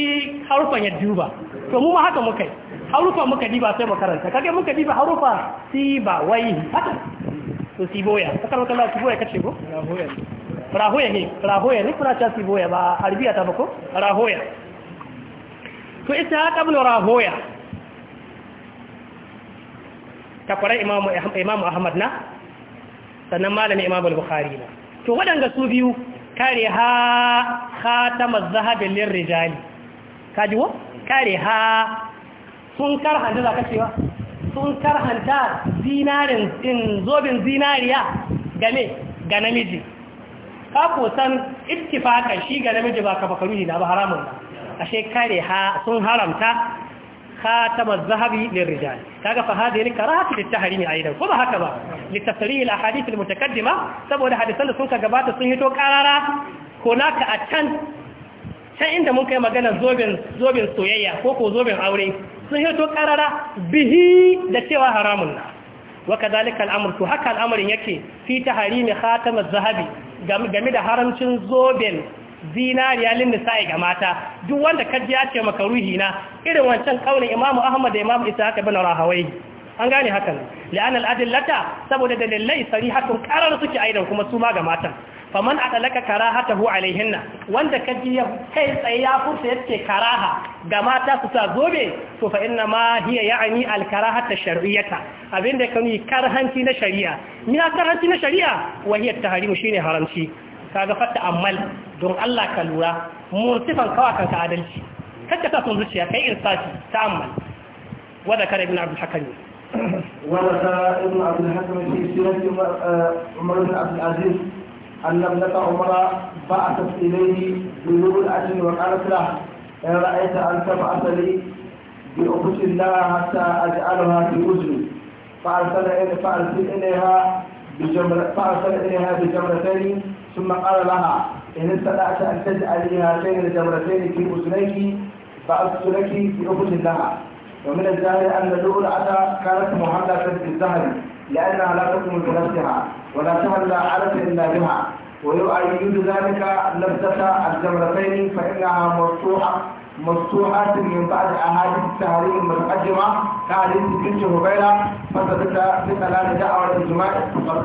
harufan ya duba to mu ma haka muka yi harufan muka diba sai makaranta kage muka diba harufa si ba wai haka to si boya haka muka la si boya kace go rahoya ne rahoya ne kuna cewa si boya ba arabiya ta ba ko rahoya to ita haka ibn rahoya takwarar imamu ahmad na sannan malamin imamu bukhari na to waɗanda su biyu kare ha khatamar zahabin lirrijali kajiwo kare ha sun karhanta za ka cewa sun karhanta zinarin in zobin zinariya game ga namiji kako san ittifaka shi ga namiji ba ka bakaruni na ba haramun ba ashe kare ha sun haramta ga ka خاتم a للرجال كذا ba haka ba ايضا a هكذا mu ta المتقدمه saboda hadisan da sun ka gabata sun hito karara hunaka a can can inda mun kai magana zobin zobin soyayya ko ko zobin aure sun hito karara bihi da cewa haramun na وكذلك الامر تو haka al'amarin yake fi taharimi khatam az-zahabi game da haramcin zoben. zinariya lin nisa'i ga mata duk wanda kaji ya ce maka ruhi na irin wancan kaunin imamu ahmad da imamu ishaq ibn rahawai an gane hakan la'anar adillata saboda dalilai hakan qarar suke aidan kuma su ma ga matan faman adalaka karahatahu alaihinna wanda kaji ya kai tsaye ya furta yake karaha ga mata su sa zobe to fa inna ma hiya ya'ni al karahata shar'iyyata abinda kani karhanci na shari'a a karhanci na shari'a wa hiya tahrimu shine haramci kaga fatta ammal don Allah ka lura murtifan kawa kanka adalci kakka sa son zuciya kai irsaci ta ammal wada kare ibn abdul hakim ورث ابن عبد الحكم في سيرة آه، عمر بن عبد العزيز أن ابنة عمر بعثت إليه بلوغ الأجل وقالت له إن رأيت أن تبعث لي بأخت الله حتى أجعلها في أجري فأرسل إليها بجمرتين ثم قال لها إن استطعت أن تجعلي هاتين الجمرتين في أذنيك فأخذت لك في أخذ لها ومن الظاهر أن ذو العدا كانت محلة بالزهر لأنها لا تكون بنفسها ولا تهل عرف إلا بها ويؤيد ذلك لبسة الجمرتين فإنها مفتوحه مفتوحات من بعد أحاديث التحريم المتقدمة كحديث بنت هبيرة فصلت بصلاة دعوة الإجماع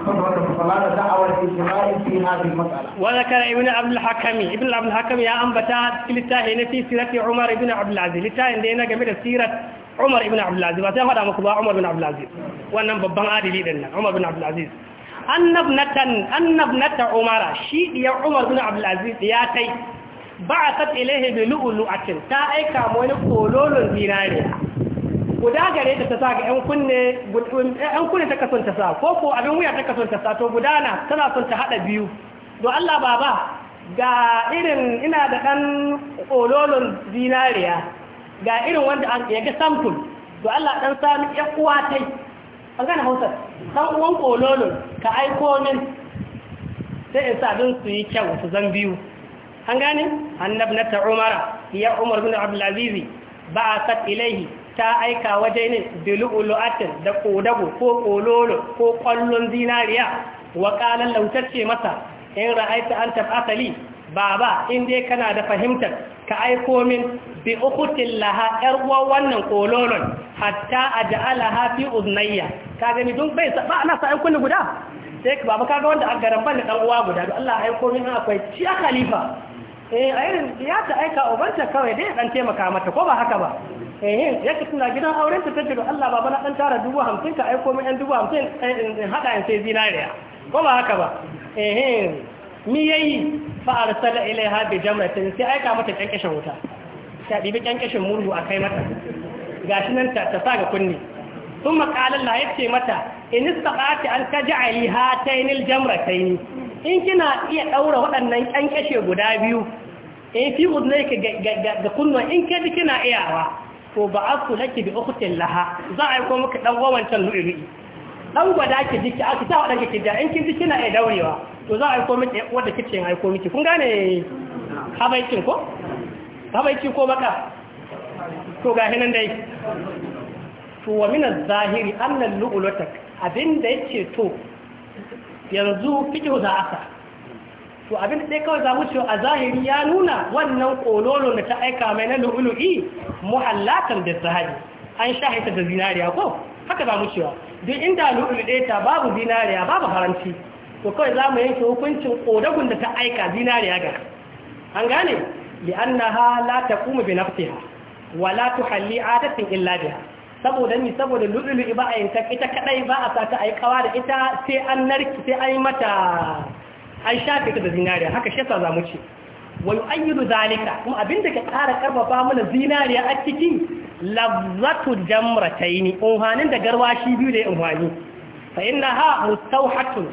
فصلت دعوة الإجماع في هذه المسألة. وذكر ابن عبد الحكم ابن عبد الحكم يا أنبتا في التاهي في سيرة عمر بن عبد العزيز التاهي دينا جميل سيرة عمر بن عبد العزيز وسيما هذا مكبا عمر بن عبد العزيز وأنا ببان عادي لنا عمر بن عبد العزيز أن ابنة أن ابنة عمر شيء يا عمر بن عبد العزيز يا تي ba a kat ilaihi bi lu'lu'atin ta aika mu wani kololon dinare guda gare ta sa ga yan kunne yan kunne ta kasance ta sa ko ko abin wuya ta kasance sa to gudana tana son ta hada biyu don Allah baba ga irin ina da dan kololon zinariya? ga irin wanda an ya ga sample Do Allah dan sami ya uwa tai an gane Hausa dan uwan kololon ka aiko min sai in sa din su yi kyau su zan biyu an gani? gane ta umara ya umar bin abdulaziz ba'athat ilaihi ta aika waje ne bilu'ulu'atin da kodago ko kololo ko kwallon zinariya wa qalan lautacce masa in ra'aita an tab'atali baba in dai kana da fahimtar ka aiko min bi ukutin laha yar uwa wannan kololon hatta aj'alaha fi uznayya ka gani dun bai ba ana sa kunni guda sai baba kaga wanda a garan ban da dan uwa guda Allah aiko min akwai ciya khalifa eh ayin ya ta aika ubanta kawai dai dan taimaka mata ko ba haka ba eh yake tana gidan auren ta tace Allah baba na dan tara dubu hamsin ka aiko min yan dubu hamsin eh, in hada in sai zinariya ko ba haka ba eh mi yayi fa arsala ilaiha bi jamratin sai aika mata kyankashin wuta ta dibi kyankashin murhu akai mata gashi nan ta sa ga kunni ثم قال الله يتي متى إن استطعت أن تجعلي هاتين الجمرتين in kina iya ɗaura waɗannan ƙyanƙyashe guda biyu Eh, in fi udnayka ga kunwa in bi kina iyawa to ba'athu laki bi ukhtin laha za a yi ko maka dan wawancan lu'lu'i dan gwada ki jiki aka ta wadanka ki da in kin ji kina iya daurewa to za a yi ko miki wanda kice ai ko miki kun gane habaikin ko habaiki ko maka to ga hinan dai to wa min az-zahiri anna al-lu'lata abinda yake to yanzu fiqhu za asa to abin da sai kawai za mu a zahiri ya nuna wannan kololo da ta aika mai na lu'ulu'i muhallatan da zahabi an shahita da zinariya ko haka za mu cewa duk inda lu'ulu'i ta babu zinariya babu haramci to kawai za mu yanke hukuncin kodagun da ta aika zinariya ga an gane ha la kuma bi nafsiha wa la tuhalli adatin illa biha saboda ni saboda lu'ulu'i ba a yanka ita kadai ba a sa ta aikawa da ita sai an narki sai an yi mata an shafe ta da zinariya haka shasa za mu ce wa yu'ayyidu zalika kuma abinda ka ƙara ƙarfafa mana zinariya a cikin lazzatu ni. umhanin da garwashi biyu da umhani fa innaha mustawhatun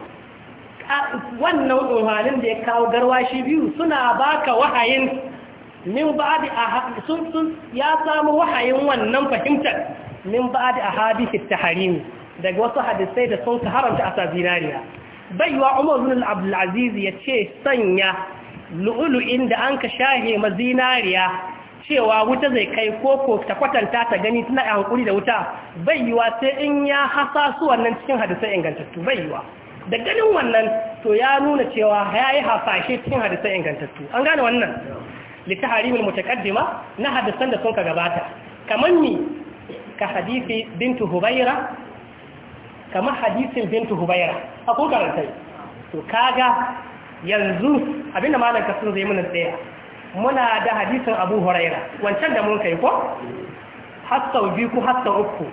wannan umhanin da ya kawo garwashi biyu suna baka wahayin min ba'di a sun sun ya samu wahayin wannan fahimtar min ba da a ahadith ta tahrim daga wasu hadisai da sun haramta asa zinariya baiwa umar bin abdulaziz ya ce sanya lu'ulu'in da an ka shahe zinariya. cewa wuta zai kai koko ta kwatanta ta gani tana hankuri da wuta baiwa sai in ya hasa su wannan cikin hadisai ingantattu baiwa da ganin wannan to ya nuna cewa ya yi hafashe cikin hadisai ingantattu an gane wannan litaharimin mutakaddima na hadisan da sun ka gabata kamar ni ka hadisi bintu hubaira kamar hadisin bintu hubaira a kun karanta to kaga yanzu abinda malam sun zai muna tsaya muna da hadisin abu huraira wancan da mun kai ko hassau biyu ku hassau uku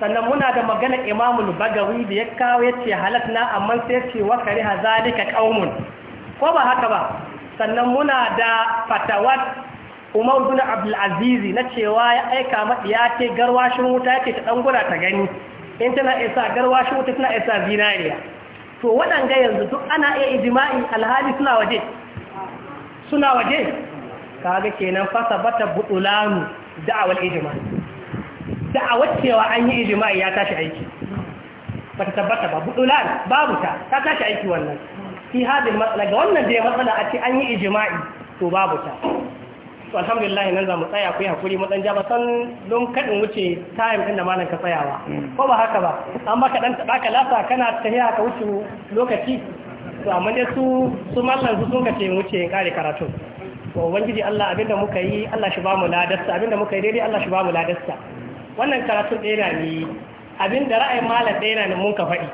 sannan muna da magana imamul bagawi da ya kawo ya ce na amma sai ce wa kari hazalika qaumun ko ba haka ba sannan muna da fatawat umar bin abdulazizi na cewa ya aika ma iyake garwashin wuta yake ta dangura ta gani in tana isa garwashi wata tana isa zinariya to waɗanga yanzu duk ana iya ijima'i alhali suna waje suna waje kaga kenan fasa bata budulanu da'awar ijima'i da'awar cewa an yi ijima'i ya tashi aiki Bata tabbata ba budulan babu ta ta tashi aiki wannan fi hadin matsala ga wannan da ya matsala a ce an yi ijima'i to babu ta to alhamdulillah nan za mu tsaya ku yi hakuri mu dan jaba san don kadin wuce time din da malam ka tsayawa mm. ko ba haka ba an baka dan baka lasa kana tafiya ka wuce lokaci to amma dai su su mallan su sun kace wuce in kare karatu to ubangiji Allah abinda muka yi Allah shi ba mu ladarsa abinda muka yi daidai Allah shi ba mu ladarsa wannan karatu ɗaya na ni abinda ra'ayin malam ɗaya na mun ka faɗi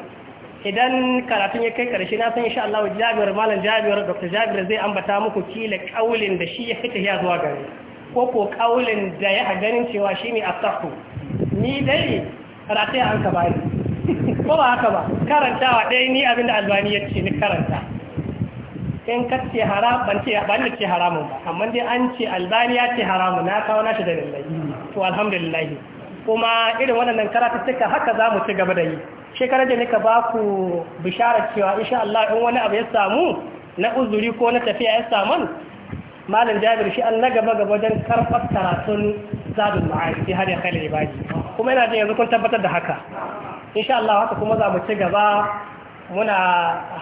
idan karatun ya kai karshe na san insha Allah Jabir malam Jabir Dr. Jabir zai ambata muku kila kaulin da shi ya fita ya zuwa gare ko ko kaulin da ya ganin cewa shine asahu ni dai karatu an ka bani ko ba haka ba karantawa dai ni abinda albani ya ce ni karanta in ka ce haram ban ce ban ce haramun ba amma dai an ce albani ya ce haramun na kawo shi da lillahi to alhamdulillah kuma irin waɗannan karatuttuka haka za mu ci gaba da yi shekarar da nika ba ku bishara cewa insha Allah in wani abu ya samu na uzuri ko na tafiya ya samu malam jabir shi an na gaba gaba don karɓar karatun zadun ma'aiki har ya kai ibadi kuma yana jin yanzu kun tabbatar da haka insha Allah haka kuma za mu ci gaba muna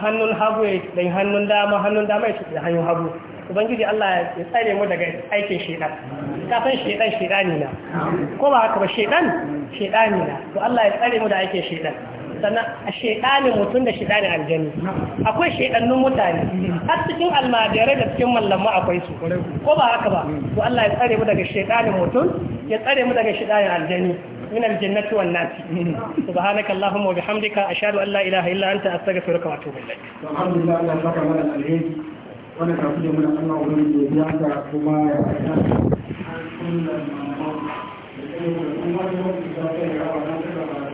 hannun hagu da hannun dama hannun dama ya da hannun hagu ubangiji Allah ya tsare mu daga aikin shedan kafin shedan shedani na ko ba haka ba shedan shedani na to Allah ya tsare mu da aikin shedan sana a shaidanin mutum da shaidanin aljanu akwai shaidannun mutane har cikin almajirai da cikin mallamu akwai su ko ba haka ba to Allah ya tsare mu daga shaidanin mutum ya tsare mu daga shaidanin aljanu من الجنة والناس سبحانك اللهم وبحمدك wa أن لا إله